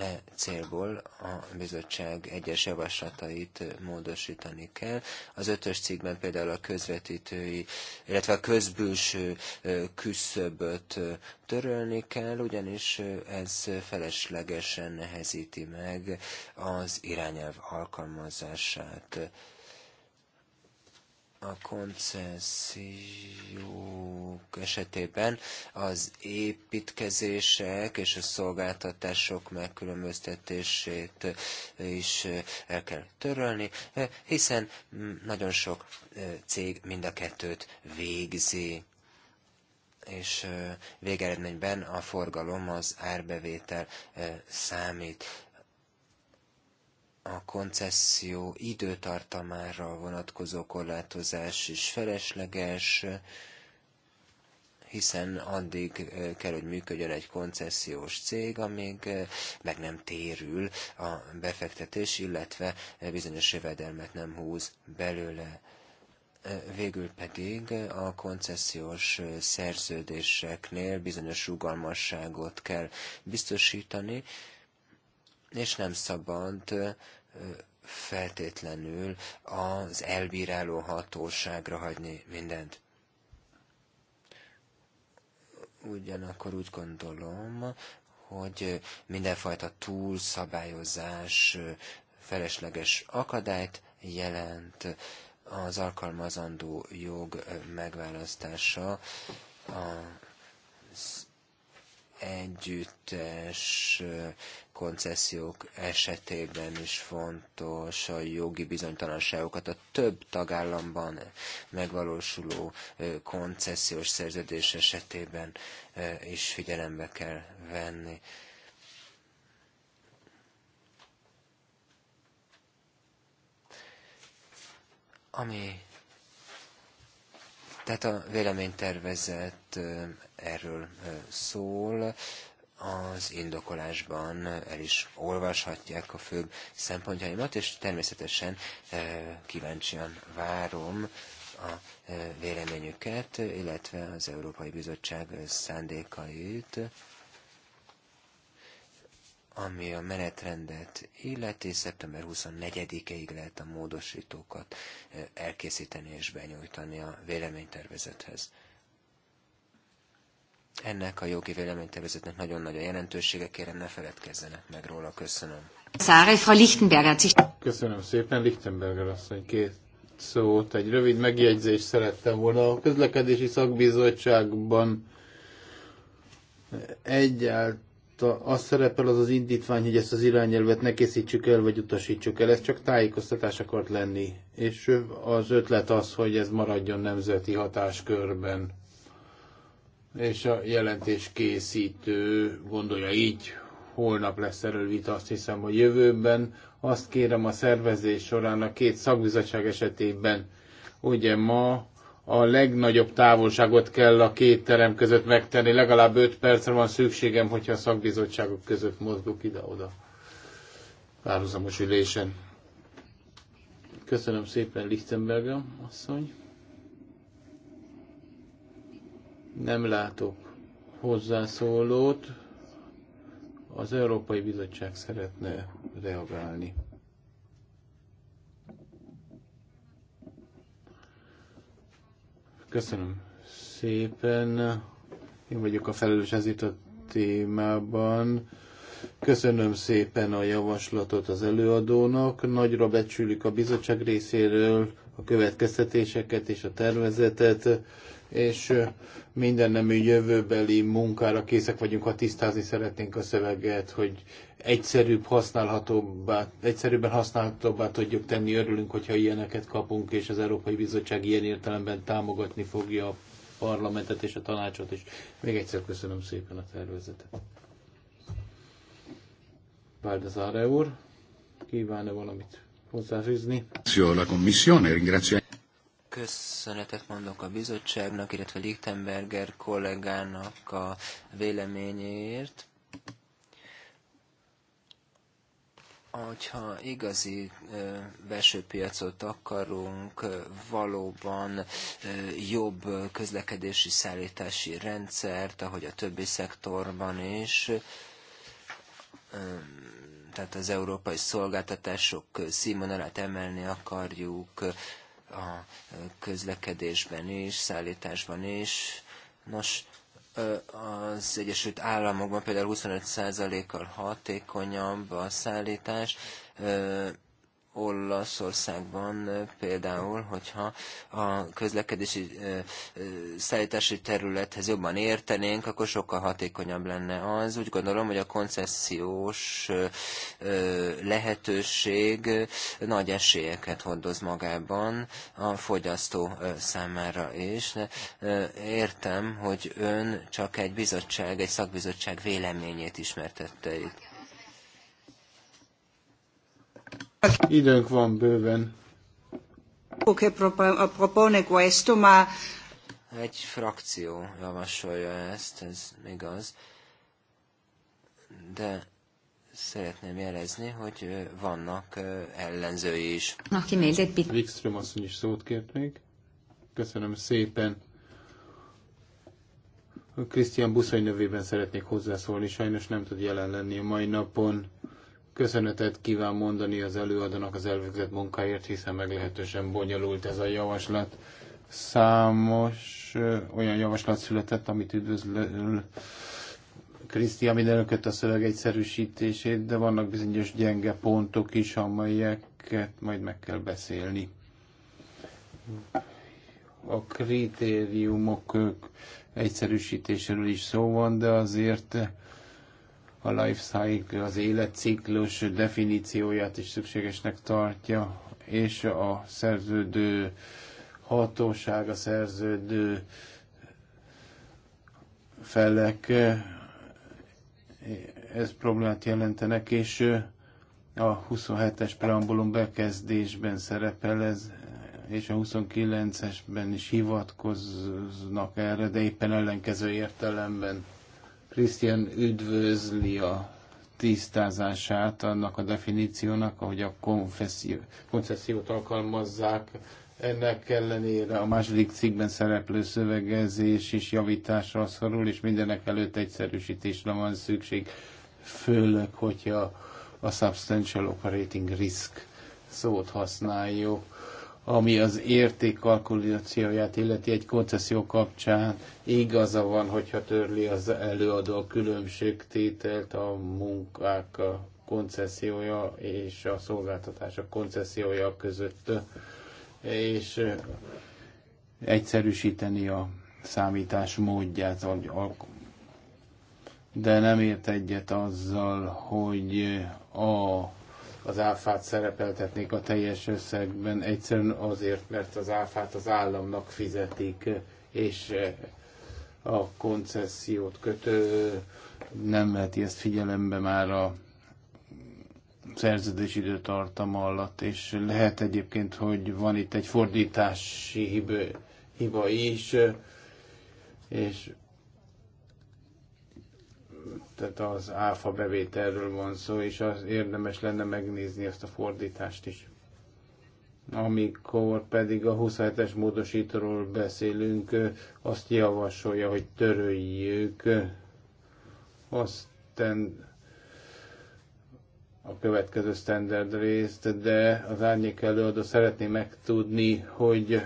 Speaker 3: E célból a bizottság egyes javaslatait módosítani kell. Az ötös cikkben például a közvetítői, illetve a közbülső e, küszöböt e, törölni kell, ugyanis e, ez feleslegesen nehezíti meg az irányelv alkalmazását a koncesziók esetében az építkezések és a szolgáltatások megkülönböztetését is el kell törölni, hiszen nagyon sok cég mind a kettőt végzi és végeredményben a forgalom az árbevétel számít a koncesszió időtartamára vonatkozó korlátozás is felesleges, hiszen addig kell, hogy működjön egy koncesziós cég, amíg meg nem térül a befektetés, illetve bizonyos jövedelmet nem húz belőle. Végül pedig a koncesziós szerződéseknél bizonyos rugalmasságot kell biztosítani, és nem szabad feltétlenül az elbíráló hatóságra hagyni mindent. Ugyanakkor úgy gondolom, hogy mindenfajta túlszabályozás felesleges akadályt jelent az alkalmazandó jog megválasztása az együttes koncesziók esetében is fontos a jogi bizonytalanságokat a több tagállamban megvalósuló koncesziós szerződés esetében is figyelembe kell venni. Ami tehát a véleménytervezet erről szól. Az indokolásban el is olvashatják a főbb szempontjaimat, és természetesen kíváncsian várom a véleményüket, illetve az Európai Bizottság szándékait ami a menetrendet illeti, szeptember 24-ig lehet a módosítókat elkészíteni és benyújtani a véleménytervezethez. Ennek a jogi véleménytervezetnek nagyon nagy a jelentősége, kérem ne feledkezzenek meg róla, köszönöm. Frau Lichtenberger. Köszönöm szépen,
Speaker 2: Lichtenberger asszony, két szót, egy rövid megjegyzést szerettem volna. A közlekedési szakbizottságban egyáltalán az szerepel az az indítvány, hogy ezt az irányelvet ne készítsük el, vagy utasítsuk el. Ez csak tájékoztatás akart lenni. És az ötlet az, hogy ez maradjon nemzeti hatáskörben és a jelentés készítő gondolja így, holnap lesz erről vita, azt hiszem, hogy jövőben. Azt kérem a szervezés során a két szakbizottság esetében, ugye ma a legnagyobb távolságot kell a két terem között megtenni, legalább 5 percre van szükségem, hogyha a szakbizottságok között mozgok ide-oda párhuzamos ülésen. Köszönöm szépen Lichtenberger asszony. Nem látok hozzászólót. Az Európai Bizottság szeretne reagálni. Köszönöm szépen. Én vagyok a felelős ezért a témában. Köszönöm szépen a javaslatot az előadónak. Nagyra becsülik a bizottság részéről a következtetéseket és a tervezetet és minden nemű jövőbeli munkára készek vagyunk, ha tisztázni szeretnénk a szöveget, hogy egyszerűbb használhatóbbá, egyszerűbben használhatóbbá tudjuk tenni. Örülünk, hogyha ilyeneket kapunk, és az Európai Bizottság ilyen értelemben támogatni fogja a parlamentet és a tanácsot, és még egyszer köszönöm szépen a tervezetet.
Speaker 3: Bárdazáre úr, kívánna valamit hozzáfűzni? Köszönöm a Köszönetet mondok a bizottságnak, illetve Lichtenberger kollégának a véleményéért. hogyha igazi belső piacot akarunk, valóban jobb közlekedési szállítási rendszert, ahogy a többi szektorban is, tehát az európai szolgáltatások színvonalát emelni akarjuk, a közlekedésben is, szállításban is. Nos, az Egyesült Államokban például 25%-kal hatékonyabb a szállítás, Olaszországban például, hogyha a közlekedési szállítási területhez jobban értenénk, akkor sokkal hatékonyabb lenne az. Úgy gondolom, hogy a koncesziós lehetőség nagy esélyeket hordoz magában a fogyasztó számára is. De értem, hogy ön csak egy bizottság, egy szakbizottság véleményét ismertette itt.
Speaker 2: Időnk van bőven.
Speaker 3: Egy frakció javasolja ezt, ez igaz. De szeretném jelezni, hogy vannak ellenzői is. Wikström asszony is szót kért még. Köszönöm szépen.
Speaker 2: Krisztián Buszai nevében szeretnék hozzászólni, sajnos nem tud jelen lenni a mai napon. Köszönetet kíván mondani az előadónak az elvégzett munkáért, hiszen meglehetősen bonyolult ez a javaslat. Számos ö, olyan javaslat született, amit Kriszti, ami mindenököt a szöveg egyszerűsítését, de vannak bizonyos gyenge pontok is, amelyeket majd meg kell beszélni. A kritériumok egyszerűsítéséről is szó van, de azért a life cycle, az életciklus definícióját is szükségesnek tartja, és a szerződő hatóság, a szerződő felek ez problémát jelentenek, és a 27-es preambulum bekezdésben szerepel ez, és a 29-esben is hivatkoznak erre, de éppen ellenkező értelemben Krisztián üdvözli a tisztázását annak a definíciónak, ahogy a konfesszió, alkalmazzák. Ennek ellenére a második cikkben szereplő szövegezés is javításra szorul, és mindenek előtt egyszerűsítésre van szükség, főleg, hogyha a substantial operating risk szót használjuk ami az érték kalkulációját illeti egy koncesszió kapcsán igaza van, hogyha törli az előadó a különbségtételt a munkák a koncesziója és a szolgáltatások koncesziója között, és egyszerűsíteni a számítás módját, de nem ért egyet azzal, hogy a az áfát szerepeltetnék a teljes összegben, egyszerűen azért, mert az áfát az államnak fizetik, és eh, a koncesziót kötő nem veheti ezt figyelembe már a szerződés időtartam alatt, és lehet egyébként, hogy van itt egy fordítási hiba, hiba is, eh, és tehát az áfa bevételről van szó, és az érdemes lenne megnézni ezt a fordítást is. Amikor pedig a 27-es módosítóról beszélünk, azt javasolja, hogy töröljük. Aztán a következő standard részt, de az árnyék előadó szeretné megtudni, hogy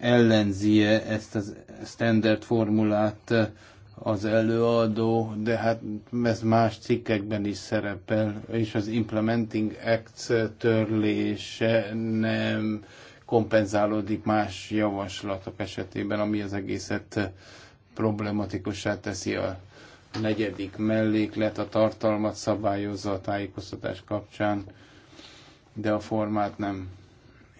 Speaker 2: -e ezt a standard formulát, az előadó, de hát ez más cikkekben is szerepel, és az Implementing Acts törlése nem kompenzálódik más javaslatok esetében, ami az egészet problematikussá teszi a negyedik melléklet, a tartalmat szabályozza a tájékoztatás kapcsán, de a formát nem.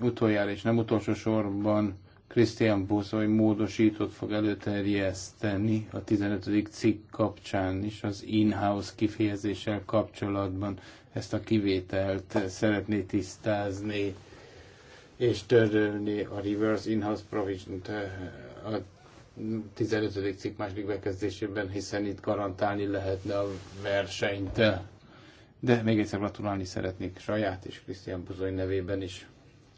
Speaker 2: Utoljára és nem utolsó sorban Krisztián Boszói módosított fog előterjeszteni a 15. cikk kapcsán is az in-house kifejezéssel kapcsolatban ezt a kivételt szeretné tisztázni és törölni a reverse in-house provision eh, a 15. cikk második bekezdésében, hiszen itt garantálni lehetne a versenyt. De még egyszer gratulálni szeretnék saját és Krisztián Buzoly nevében is.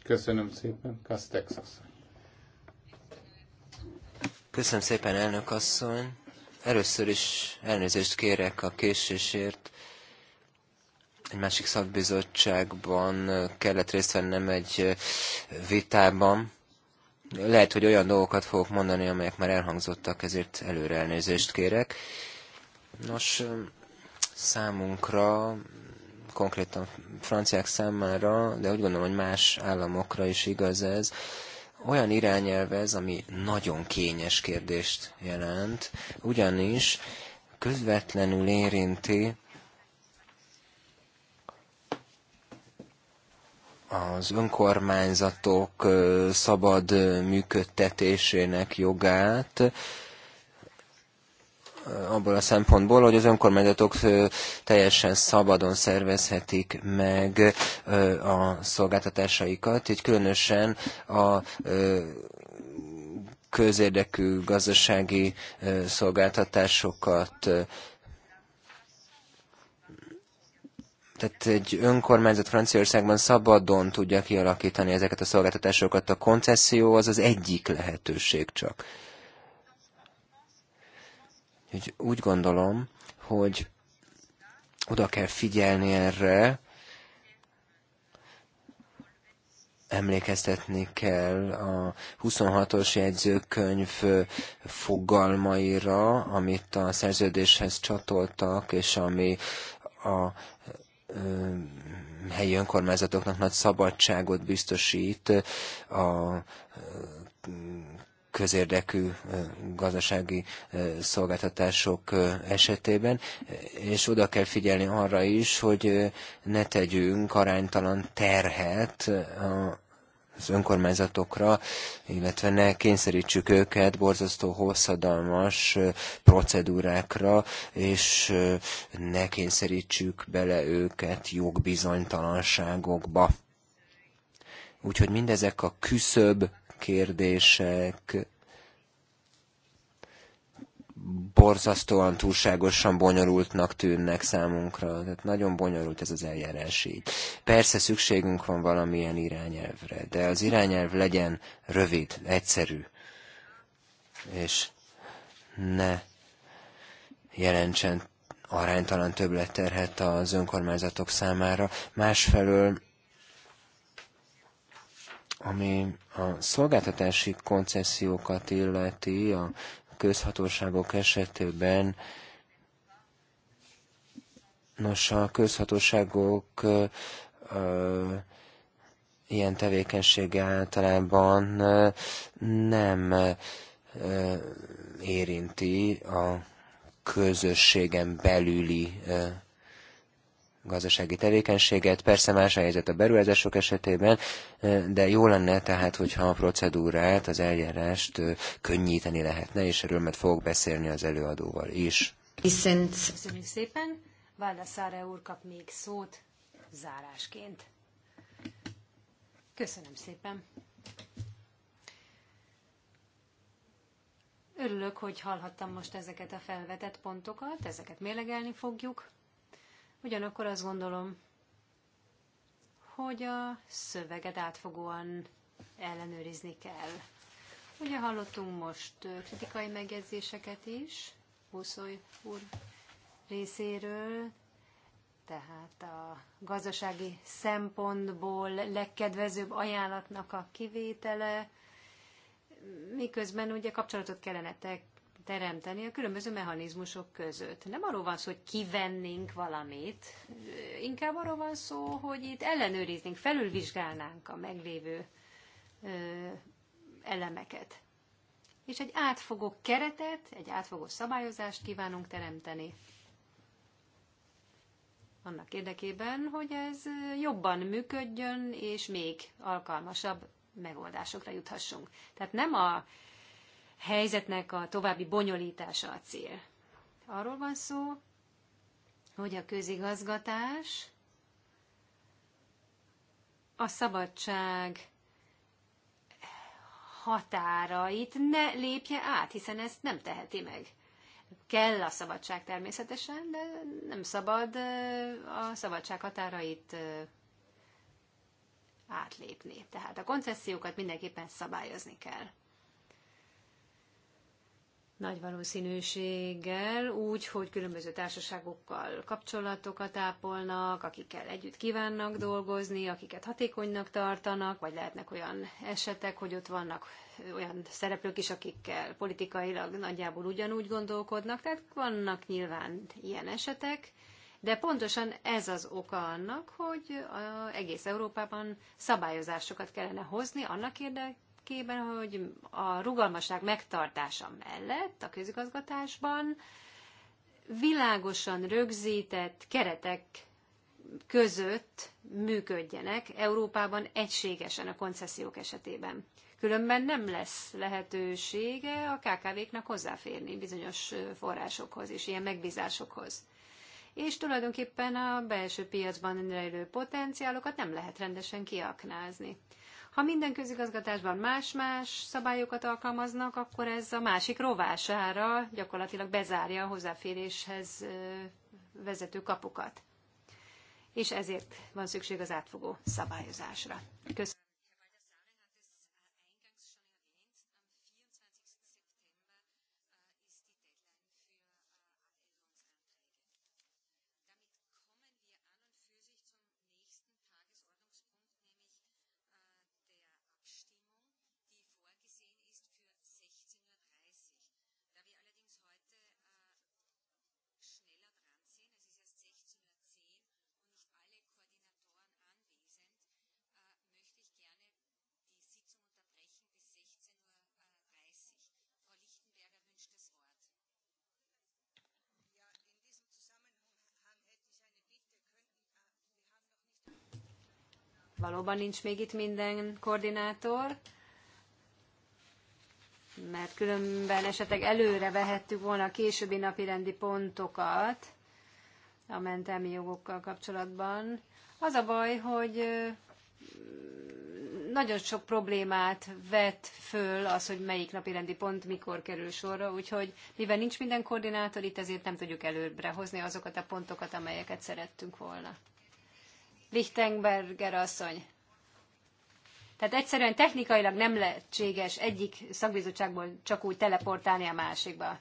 Speaker 2: Köszönöm szépen, Kasz asszony.
Speaker 3: Köszönöm szépen, elnök asszony. Először is elnézést kérek a késésért. Egy másik szakbizottságban kellett részt vennem egy vitában. Lehet, hogy olyan dolgokat fogok mondani, amelyek már elhangzottak, ezért előre elnézést kérek. Nos, számunkra, konkrétan franciák számára, de úgy gondolom, hogy más államokra is igaz ez, olyan irányelv ez, ami nagyon kényes kérdést jelent, ugyanis közvetlenül érinti az önkormányzatok szabad működtetésének jogát, abból a szempontból, hogy az önkormányzatok teljesen szabadon szervezhetik meg a szolgáltatásaikat, így különösen a közérdekű gazdasági szolgáltatásokat tehát egy önkormányzat Franciaországban szabadon tudja kialakítani ezeket a szolgáltatásokat. A koncesszió az az egyik lehetőség csak. Úgy, úgy gondolom, hogy oda kell figyelni erre, emlékeztetni kell a 26-os jegyzőkönyv fogalmaira, amit a szerződéshez csatoltak, és ami a helyi önkormányzatoknak nagy szabadságot biztosít a közérdekű gazdasági szolgáltatások esetében, és oda kell figyelni arra is, hogy ne tegyünk aránytalan terhet a az önkormányzatokra, illetve ne kényszerítsük őket borzasztó hosszadalmas procedúrákra, és ne kényszerítsük bele őket jogbizonytalanságokba. Úgyhogy mindezek a küszöb kérdések borzasztóan túlságosan bonyolultnak tűnnek számunkra. Tehát nagyon bonyolult ez az eljárás így. Persze szükségünk van valamilyen irányelvre, de az irányelv legyen rövid, egyszerű, és ne jelentsen aránytalan többletterhet az önkormányzatok számára. Másfelől ami a szolgáltatási koncesziókat illeti a közhatóságok esetében, nos a közhatóságok ö, ilyen tevékenysége általában ö, nem ö, érinti a közösségen belüli gazdasági tevékenységet. Persze más a helyzet a beruházások esetében, de jó lenne tehát, hogyha a procedúrát, az eljárást könnyíteni lehetne, és erről mert fogok beszélni az előadóval is.
Speaker 1: Viszont... Köszönjük szépen. Szára úr kap még szót zárásként. Köszönöm szépen. Örülök, hogy hallhattam most ezeket a felvetett pontokat, ezeket mélegelni fogjuk. Ugyanakkor azt gondolom, hogy a szöveget átfogóan ellenőrizni kell. Ugye hallottunk most kritikai megjegyzéseket is, Huszoly úr részéről, tehát a gazdasági szempontból legkedvezőbb ajánlatnak a kivétele, miközben ugye kapcsolatot kellene teremteni a különböző mechanizmusok között. Nem arról van szó, hogy kivennénk valamit, inkább arról van szó, hogy itt ellenőriznénk, felülvizsgálnánk a meglévő elemeket. És egy átfogó keretet, egy átfogó szabályozást kívánunk teremteni. Annak érdekében, hogy ez jobban működjön, és még alkalmasabb megoldásokra juthassunk. Tehát nem a helyzetnek a további bonyolítása a cél. Arról van szó, hogy a közigazgatás a szabadság határait ne lépje át, hiszen ezt nem teheti meg. Kell a szabadság természetesen, de nem szabad a szabadság határait átlépni. Tehát a koncesziókat mindenképpen szabályozni kell nagy valószínűséggel úgy, hogy különböző társaságokkal kapcsolatokat ápolnak, akikkel együtt kívánnak dolgozni, akiket hatékonynak tartanak, vagy lehetnek olyan esetek, hogy ott vannak olyan szereplők is, akikkel politikailag nagyjából ugyanúgy gondolkodnak, tehát vannak nyilván ilyen esetek, de pontosan ez az oka annak, hogy egész Európában szabályozásokat kellene hozni annak érdekében, érdekében, hogy a rugalmasság megtartása mellett a közigazgatásban világosan rögzített keretek között működjenek Európában egységesen a koncesziók esetében. Különben nem lesz lehetősége a KKV-knak hozzáférni bizonyos forrásokhoz és ilyen megbízásokhoz. És tulajdonképpen a belső piacban rejlő potenciálokat nem lehet rendesen kiaknázni. Ha minden közigazgatásban más-más szabályokat alkalmaznak, akkor ez a másik rovására gyakorlatilag bezárja a hozzáféréshez vezető kapukat. És ezért van szükség az átfogó szabályozásra. Köszönöm. valóban nincs még itt minden koordinátor, mert különben esetleg előre vehettük volna a későbbi napi rendi pontokat a mentelmi jogokkal kapcsolatban. Az a baj, hogy nagyon sok problémát vet föl az, hogy melyik napi rendi pont mikor kerül sorra, úgyhogy mivel nincs minden koordinátor itt, ezért nem tudjuk előbbre hozni azokat a pontokat, amelyeket szerettünk volna. Lichtenberger asszony. Tehát egyszerűen technikailag nem lehetséges egyik szakbizottságból csak úgy teleportálni a másikba.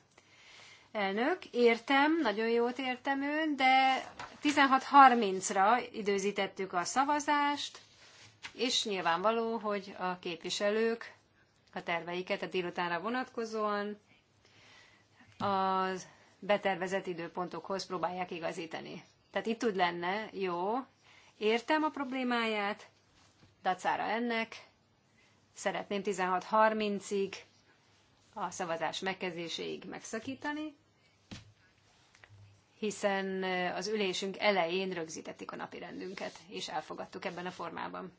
Speaker 1: Elnök, értem, nagyon jót értem ön, de 16.30-ra időzítettük a szavazást, és nyilvánvaló, hogy a képviselők a terveiket a délutánra vonatkozóan a betervezett időpontokhoz próbálják igazítani. Tehát itt tud lenne jó, Értem a problémáját, dacára ennek, szeretném 16.30-ig a szavazás megkezdéséig megszakítani, hiszen az ülésünk elején rögzítették a napirendünket, és elfogadtuk ebben a formában.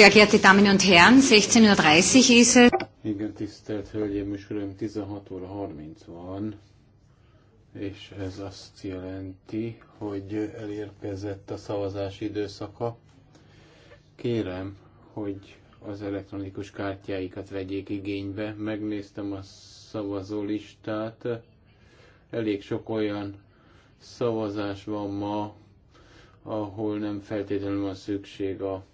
Speaker 1: Sehr geehrte Damen und Herren, 16.30 Uhr ist es.
Speaker 2: Igen, tisztelt Hölgyeim és Uraim, 16 óra 30 van, és ez azt jelenti, hogy elérkezett a szavazási időszaka. Kérem, hogy az elektronikus kártyáikat vegyék igénybe. Megnéztem a szavazólistát. Elég sok olyan szavazás van ma, ahol nem feltétlenül van szükség a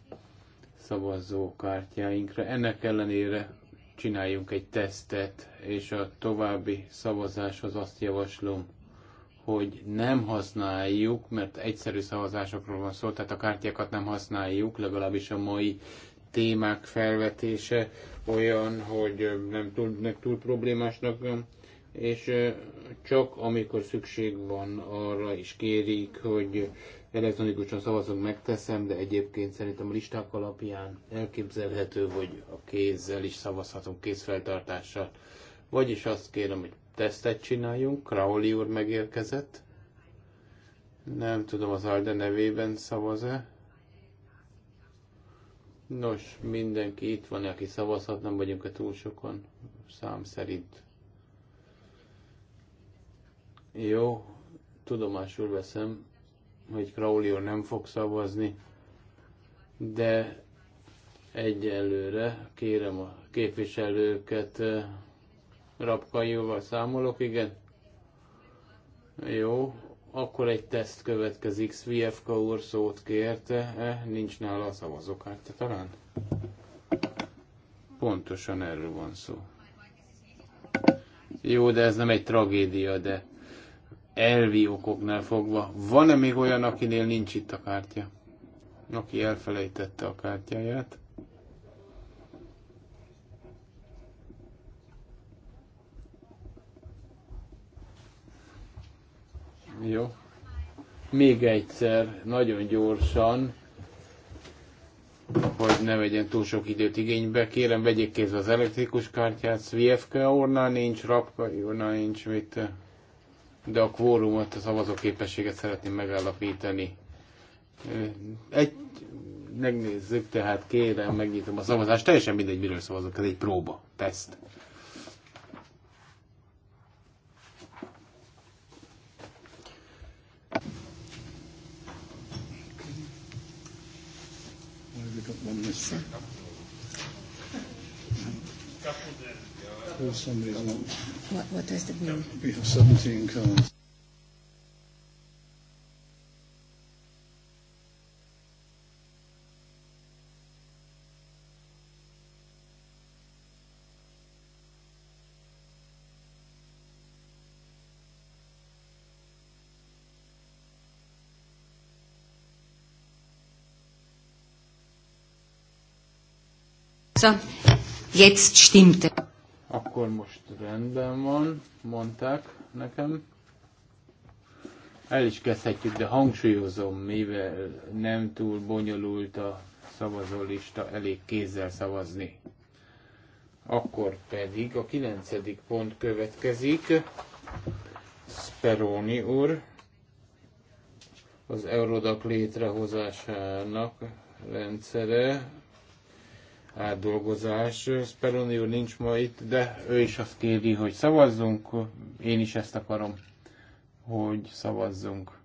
Speaker 2: szavazókártyáinkra. Ennek ellenére csináljunk egy tesztet, és a további szavazáshoz azt javaslom, hogy nem használjuk, mert egyszerű szavazásokról van szó, tehát a kártyákat nem használjuk, legalábbis a mai témák felvetése olyan, hogy nem túl, nem túl problémásnak, és csak amikor szükség van arra is kérik, hogy elektronikusan szavazunk, megteszem, de egyébként szerintem a listák alapján elképzelhető, hogy a kézzel is szavazhatunk kézfeltartással. Vagyis azt kérem, hogy tesztet csináljunk. Crowley úr megérkezett. Nem tudom, az Alde nevében szavaz-e. Nos, mindenki itt van, aki szavazhat, nem vagyunk-e túl sokan szám szerint. Jó, tudomásul veszem, hogy Kraulio nem fog szavazni, de egyelőre kérem a képviselőket, Rapkaival számolok, igen? Jó, akkor egy teszt következik, Sviefka úr szót kérte, nincs nála a szavazókártya talán? Pontosan erről van szó. Jó, de ez nem egy tragédia, de elvi okoknál fogva. Van-e még olyan, akinél nincs itt a kártya? Aki elfelejtette a kártyáját? Jó. Még egyszer, nagyon gyorsan, hogy ne vegyen túl sok időt igénybe. Kérem, vegyék kézbe az elektrikus kártyát. Svijevka orna nincs, Rapka orna nincs, mit de a kvórumot, a szavazóképességet szeretném megállapítani. Egy, megnézzük, tehát kérem, megnyitom a szavazást. Teljesen mindegy, miről szavazok, ez egy próba, teszt. Thank you. Oh,
Speaker 3: somebody's on. What, what does it mean? We have 17 cards.
Speaker 2: So, Jetzt stimmte. Er. Akkor most rendben van, mondták nekem. El is kezdhetjük, de hangsúlyozom, mivel nem túl bonyolult a szavazólista, elég kézzel szavazni. Akkor pedig a kilencedik pont következik. Speroni úr az Eurodac létrehozásának rendszere, átdolgozás. Speroni úr nincs ma itt, de ő is azt kéri, hogy szavazzunk. Én is ezt akarom, hogy szavazzunk.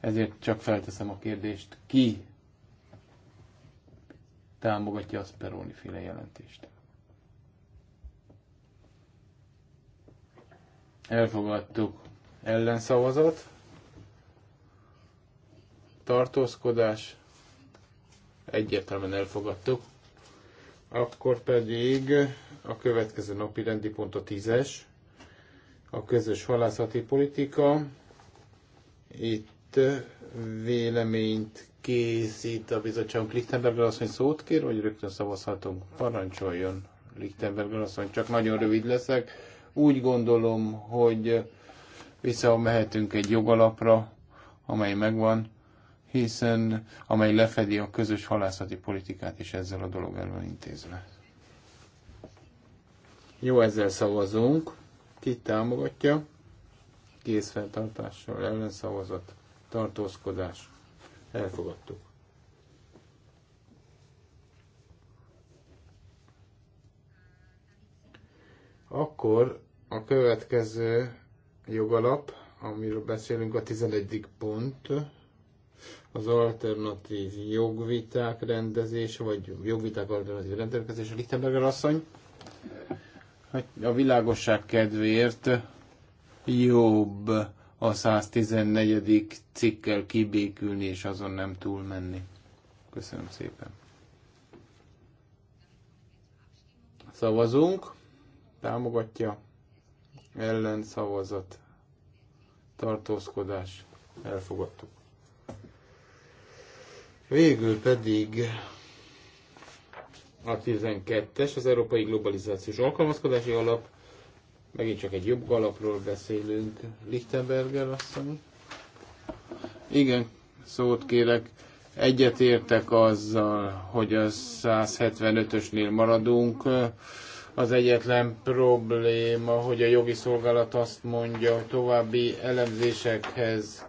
Speaker 2: Ezért csak felteszem a kérdést, ki támogatja a Speroni féle jelentést. Elfogadtuk ellenszavazat, tartózkodás, egyértelműen elfogadtuk. Akkor pedig a következő napi rendi pont a tízes, a közös halászati politika. Itt véleményt készít a bizottságunk. Lichtenberger asszony szót kér, vagy rögtön szavazhatunk? Parancsoljon, Lichtenberger asszony, csak nagyon rövid leszek. Úgy gondolom, hogy mehetünk egy jogalapra, amely megvan hiszen amely lefedi a közös halászati politikát is ezzel a dolog elől intézve. Jó, ezzel szavazunk. Ki támogatja? Készfeltartással ellenszavazat, tartózkodás. Elfogadtuk. Akkor a következő jogalap, amiről beszélünk, a 11. pont, az alternatív jogviták rendezése, vagy jogviták alternatív rendelkezése, Lichtenberger asszony, hogy hát, a világosság kedvéért jobb a 114. cikkel kibékülni és azon nem túlmenni. Köszönöm szépen. Szavazunk. Támogatja. Ellen szavazat. Tartózkodás. Elfogadtuk. Végül pedig a 12-es, az Európai Globalizációs Alkalmazkodási Alap, megint csak egy jobb alapról beszélünk, Lichtenberger asszony. Igen, szót kérek. Egyetértek azzal, hogy a 175-ösnél maradunk. Az egyetlen probléma, hogy a jogi szolgálat azt mondja, hogy további elemzésekhez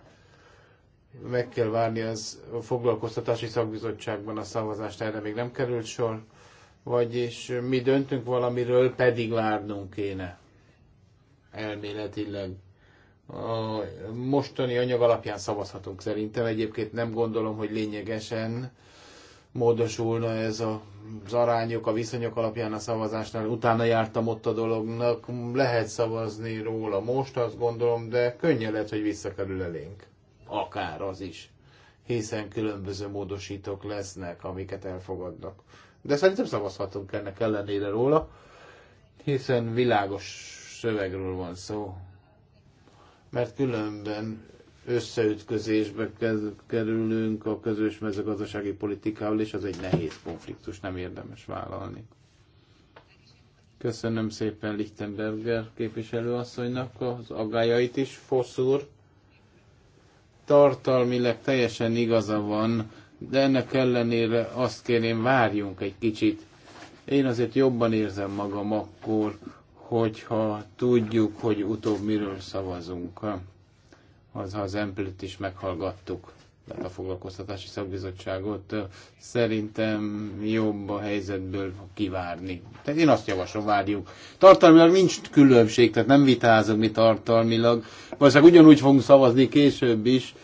Speaker 2: meg kell várni az a foglalkoztatási szakbizottságban a szavazást, erre még nem került sor, vagyis mi döntünk valamiről, pedig várnunk kéne elméletileg. A mostani anyag alapján szavazhatunk szerintem, egyébként nem gondolom, hogy lényegesen módosulna ez a, az arányok, a viszonyok alapján a szavazásnál. Utána jártam ott a dolognak, lehet szavazni róla most, azt gondolom, de könnyen lehet, hogy visszakerül elénk akár az is, hiszen különböző módosítók lesznek, amiket elfogadnak. De szerintem szavazhatunk ennek ellenére róla, hiszen világos szövegről van szó. Mert különben összeütközésbe kerülünk a közös mezőgazdasági politikával, és az egy nehéz konfliktus, nem érdemes vállalni. Köszönöm szépen Lichtenberger képviselőasszonynak az agájait is, Fosz tartalmilag teljesen igaza van, de ennek ellenére azt kérném, várjunk egy kicsit. Én azért jobban érzem magam akkor, hogyha tudjuk, hogy utóbb miről szavazunk. Az, ha az emplit is meghallgattuk tehát a foglalkoztatási szakbizottságot szerintem jobb a helyzetből kivárni. Tehát én azt javaslom, várjuk. Tartalmilag nincs különbség, tehát nem vitázok mi tartalmilag. Valószínűleg ugyanúgy fogunk szavazni később is,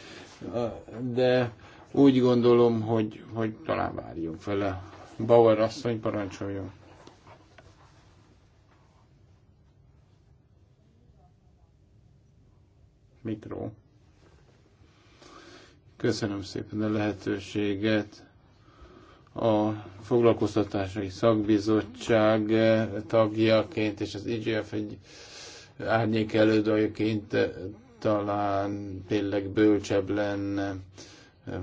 Speaker 2: de úgy gondolom, hogy, hogy talán várjunk vele. Bauer asszony parancsoljon. Mikro. Köszönöm szépen a lehetőséget. A foglalkoztatási szakbizottság tagjaként és az IGF egy árnyék elődőként talán tényleg bölcsebb lenne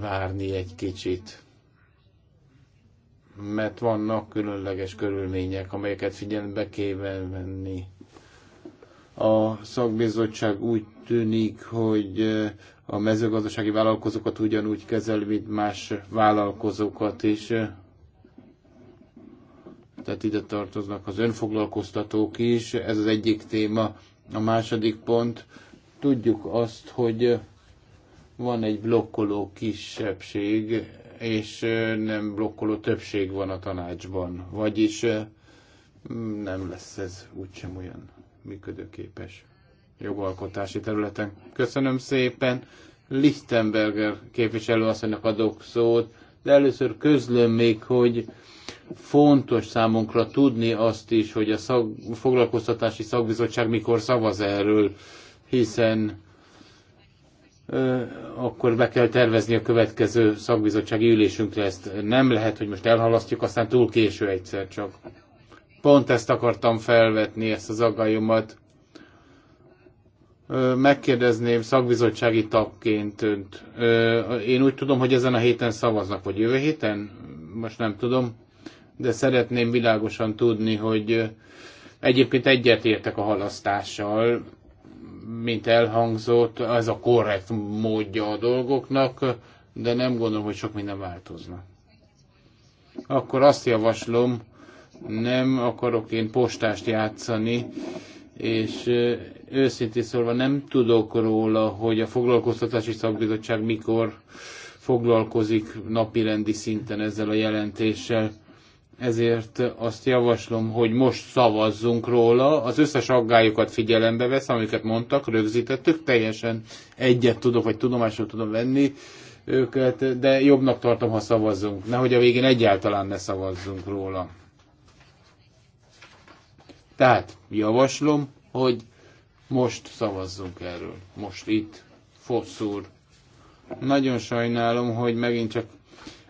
Speaker 2: várni egy kicsit. Mert vannak különleges körülmények, amelyeket figyelembe kéve venni. A szakbizottság úgy tűnik, hogy a mezőgazdasági vállalkozókat ugyanúgy kezel, mint más vállalkozókat is. Tehát ide tartoznak az önfoglalkoztatók is, ez az egyik téma. A második pont, tudjuk azt, hogy van egy blokkoló kisebbség, és nem blokkoló többség van a tanácsban. Vagyis nem lesz ez úgysem olyan működőképes jogalkotási területen. Köszönöm szépen. Lichtenberger képviselő asszonynak adok szót, de először közlöm még, hogy fontos számunkra tudni azt is, hogy a szag, foglalkoztatási szakbizottság mikor szavaz erről, hiszen ö, akkor be kell tervezni a következő szakbizottsági ülésünkre. Ezt nem lehet, hogy most elhalasztjuk, aztán túl késő egyszer csak. Pont ezt akartam felvetni, ezt az aggályomat megkérdezném szakbizottsági tagként önt. Én úgy tudom, hogy ezen a héten szavaznak, vagy jövő héten? Most nem tudom, de szeretném világosan tudni, hogy egyébként egyetértek a halasztással, mint elhangzott, ez a korrekt módja a dolgoknak, de nem gondolom, hogy sok minden változna. Akkor azt javaslom, nem akarok én postást játszani, és őszintén szólva nem tudok róla, hogy a foglalkoztatási szakbizottság mikor foglalkozik napirendi szinten ezzel a jelentéssel. Ezért azt javaslom, hogy most szavazzunk róla. Az összes aggályokat figyelembe vesz, amiket mondtak, rögzítettük, teljesen egyet tudok, vagy tudomásul tudom venni őket, de jobbnak tartom, ha szavazzunk. Nehogy a végén egyáltalán ne szavazzunk róla. Tehát javaslom, hogy most szavazzunk erről. Most itt. Fosszúr. Nagyon sajnálom, hogy megint csak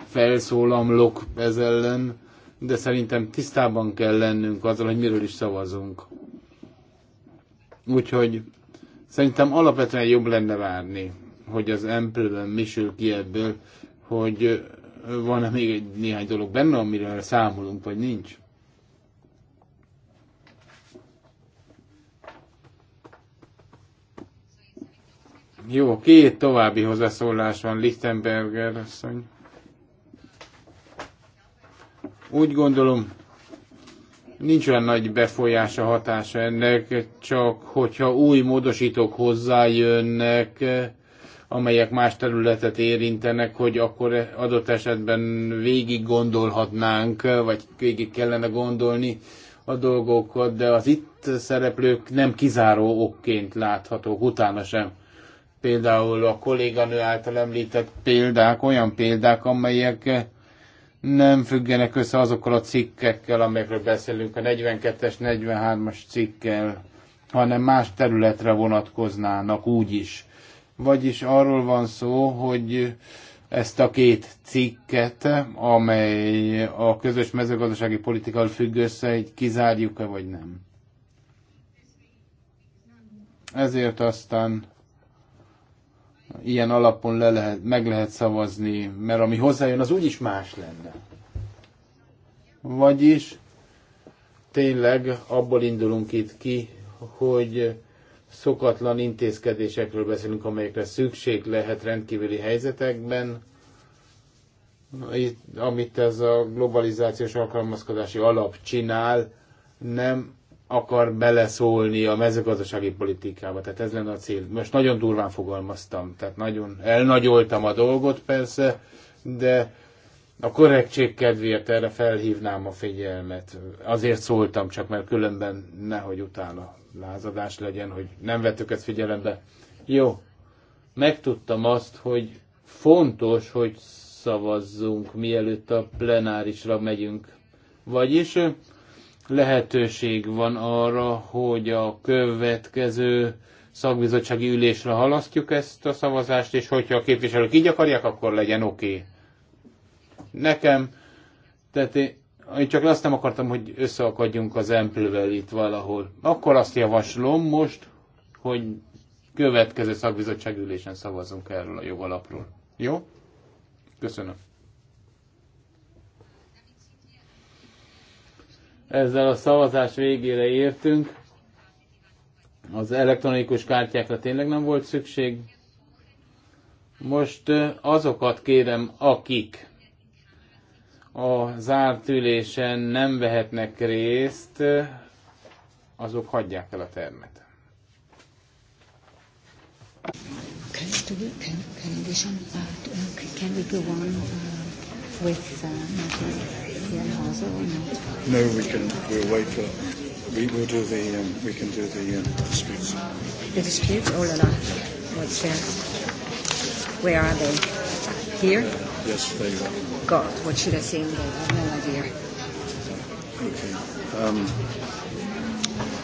Speaker 2: felszólamlok ez ellen, de szerintem tisztában kell lennünk azzal, hogy miről is szavazunk. Úgyhogy szerintem alapvetően jobb lenne várni, hogy az emplőben misül ki ebből, hogy van-e még egy néhány dolog benne, amire számolunk, vagy nincs. Jó, két további hozzászólás van, Lichtenberger asszony. Úgy gondolom, nincs olyan nagy befolyása, hatása ennek, csak hogyha új módosítók hozzájönnek, amelyek más területet érintenek, hogy akkor adott esetben végig gondolhatnánk, vagy végig kellene gondolni a dolgokat, de az itt szereplők nem kizáró okként láthatók, utána sem. Például a kolléganő által említett példák, olyan példák, amelyek nem függenek össze azokkal a cikkekkel, amelyekről beszélünk, a 42-es, 43-as cikkel hanem más területre vonatkoznának úgy is. Vagyis arról van szó, hogy ezt a két cikket, amely a közös mezőgazdasági politikával függ össze, egy kizárjuk-e vagy nem. Ezért aztán ilyen alapon le lehet, meg lehet szavazni, mert ami hozzájön, az úgyis más lenne. Vagyis tényleg abból indulunk itt ki, hogy szokatlan intézkedésekről beszélünk, amelyekre szükség lehet rendkívüli helyzetekben, itt, amit ez a globalizációs alkalmazkodási alap csinál, nem akar beleszólni a mezőgazdasági politikába. Tehát ez lenne a cél. Most nagyon durván fogalmaztam, tehát nagyon elnagyoltam a dolgot persze, de a korrektség kedvéért erre felhívnám a figyelmet. Azért szóltam csak, mert különben nehogy utána lázadás legyen, hogy nem vettük ezt figyelembe. Jó, megtudtam azt, hogy fontos, hogy szavazzunk, mielőtt a plenárisra megyünk. Vagyis lehetőség van arra, hogy a következő szakbizottsági ülésre halasztjuk ezt a szavazást, és hogyha a képviselők így akarják, akkor legyen oké. Okay. Nekem, tehát én, én csak azt nem akartam, hogy összeakadjunk az emplővel itt valahol. Akkor azt javaslom most, hogy következő szakbizottsági ülésen szavazunk erről a jogalapról. Jó? Köszönöm. Ezzel a szavazás végére értünk. Az elektronikus kártyákra tényleg nem volt szükség. Most azokat kérem, akik a zárt ülésen nem vehetnek részt, azok hagyják el a termet.
Speaker 3: Can, we, can, can, we, uh, can, we go on uh, with uh,
Speaker 1: No, we can, we'll wait for, we will do the, um, we can do the um, disputes. The disputes? Oh la la. What's there? Where are they? Here? Uh, yes, there you are. God, what should I say in there? I have no idea.
Speaker 2: Okay. Um,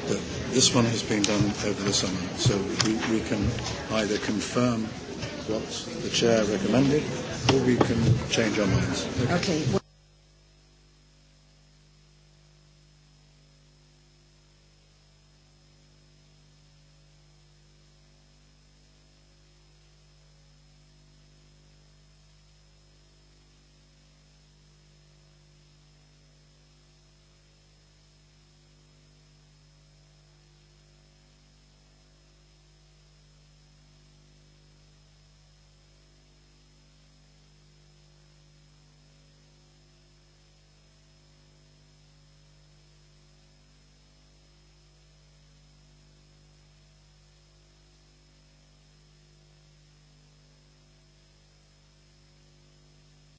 Speaker 2: the, this one has been done over the summer, so we, we can either confirm what the chair recommended, or we can change our minds.
Speaker 3: Okay. okay.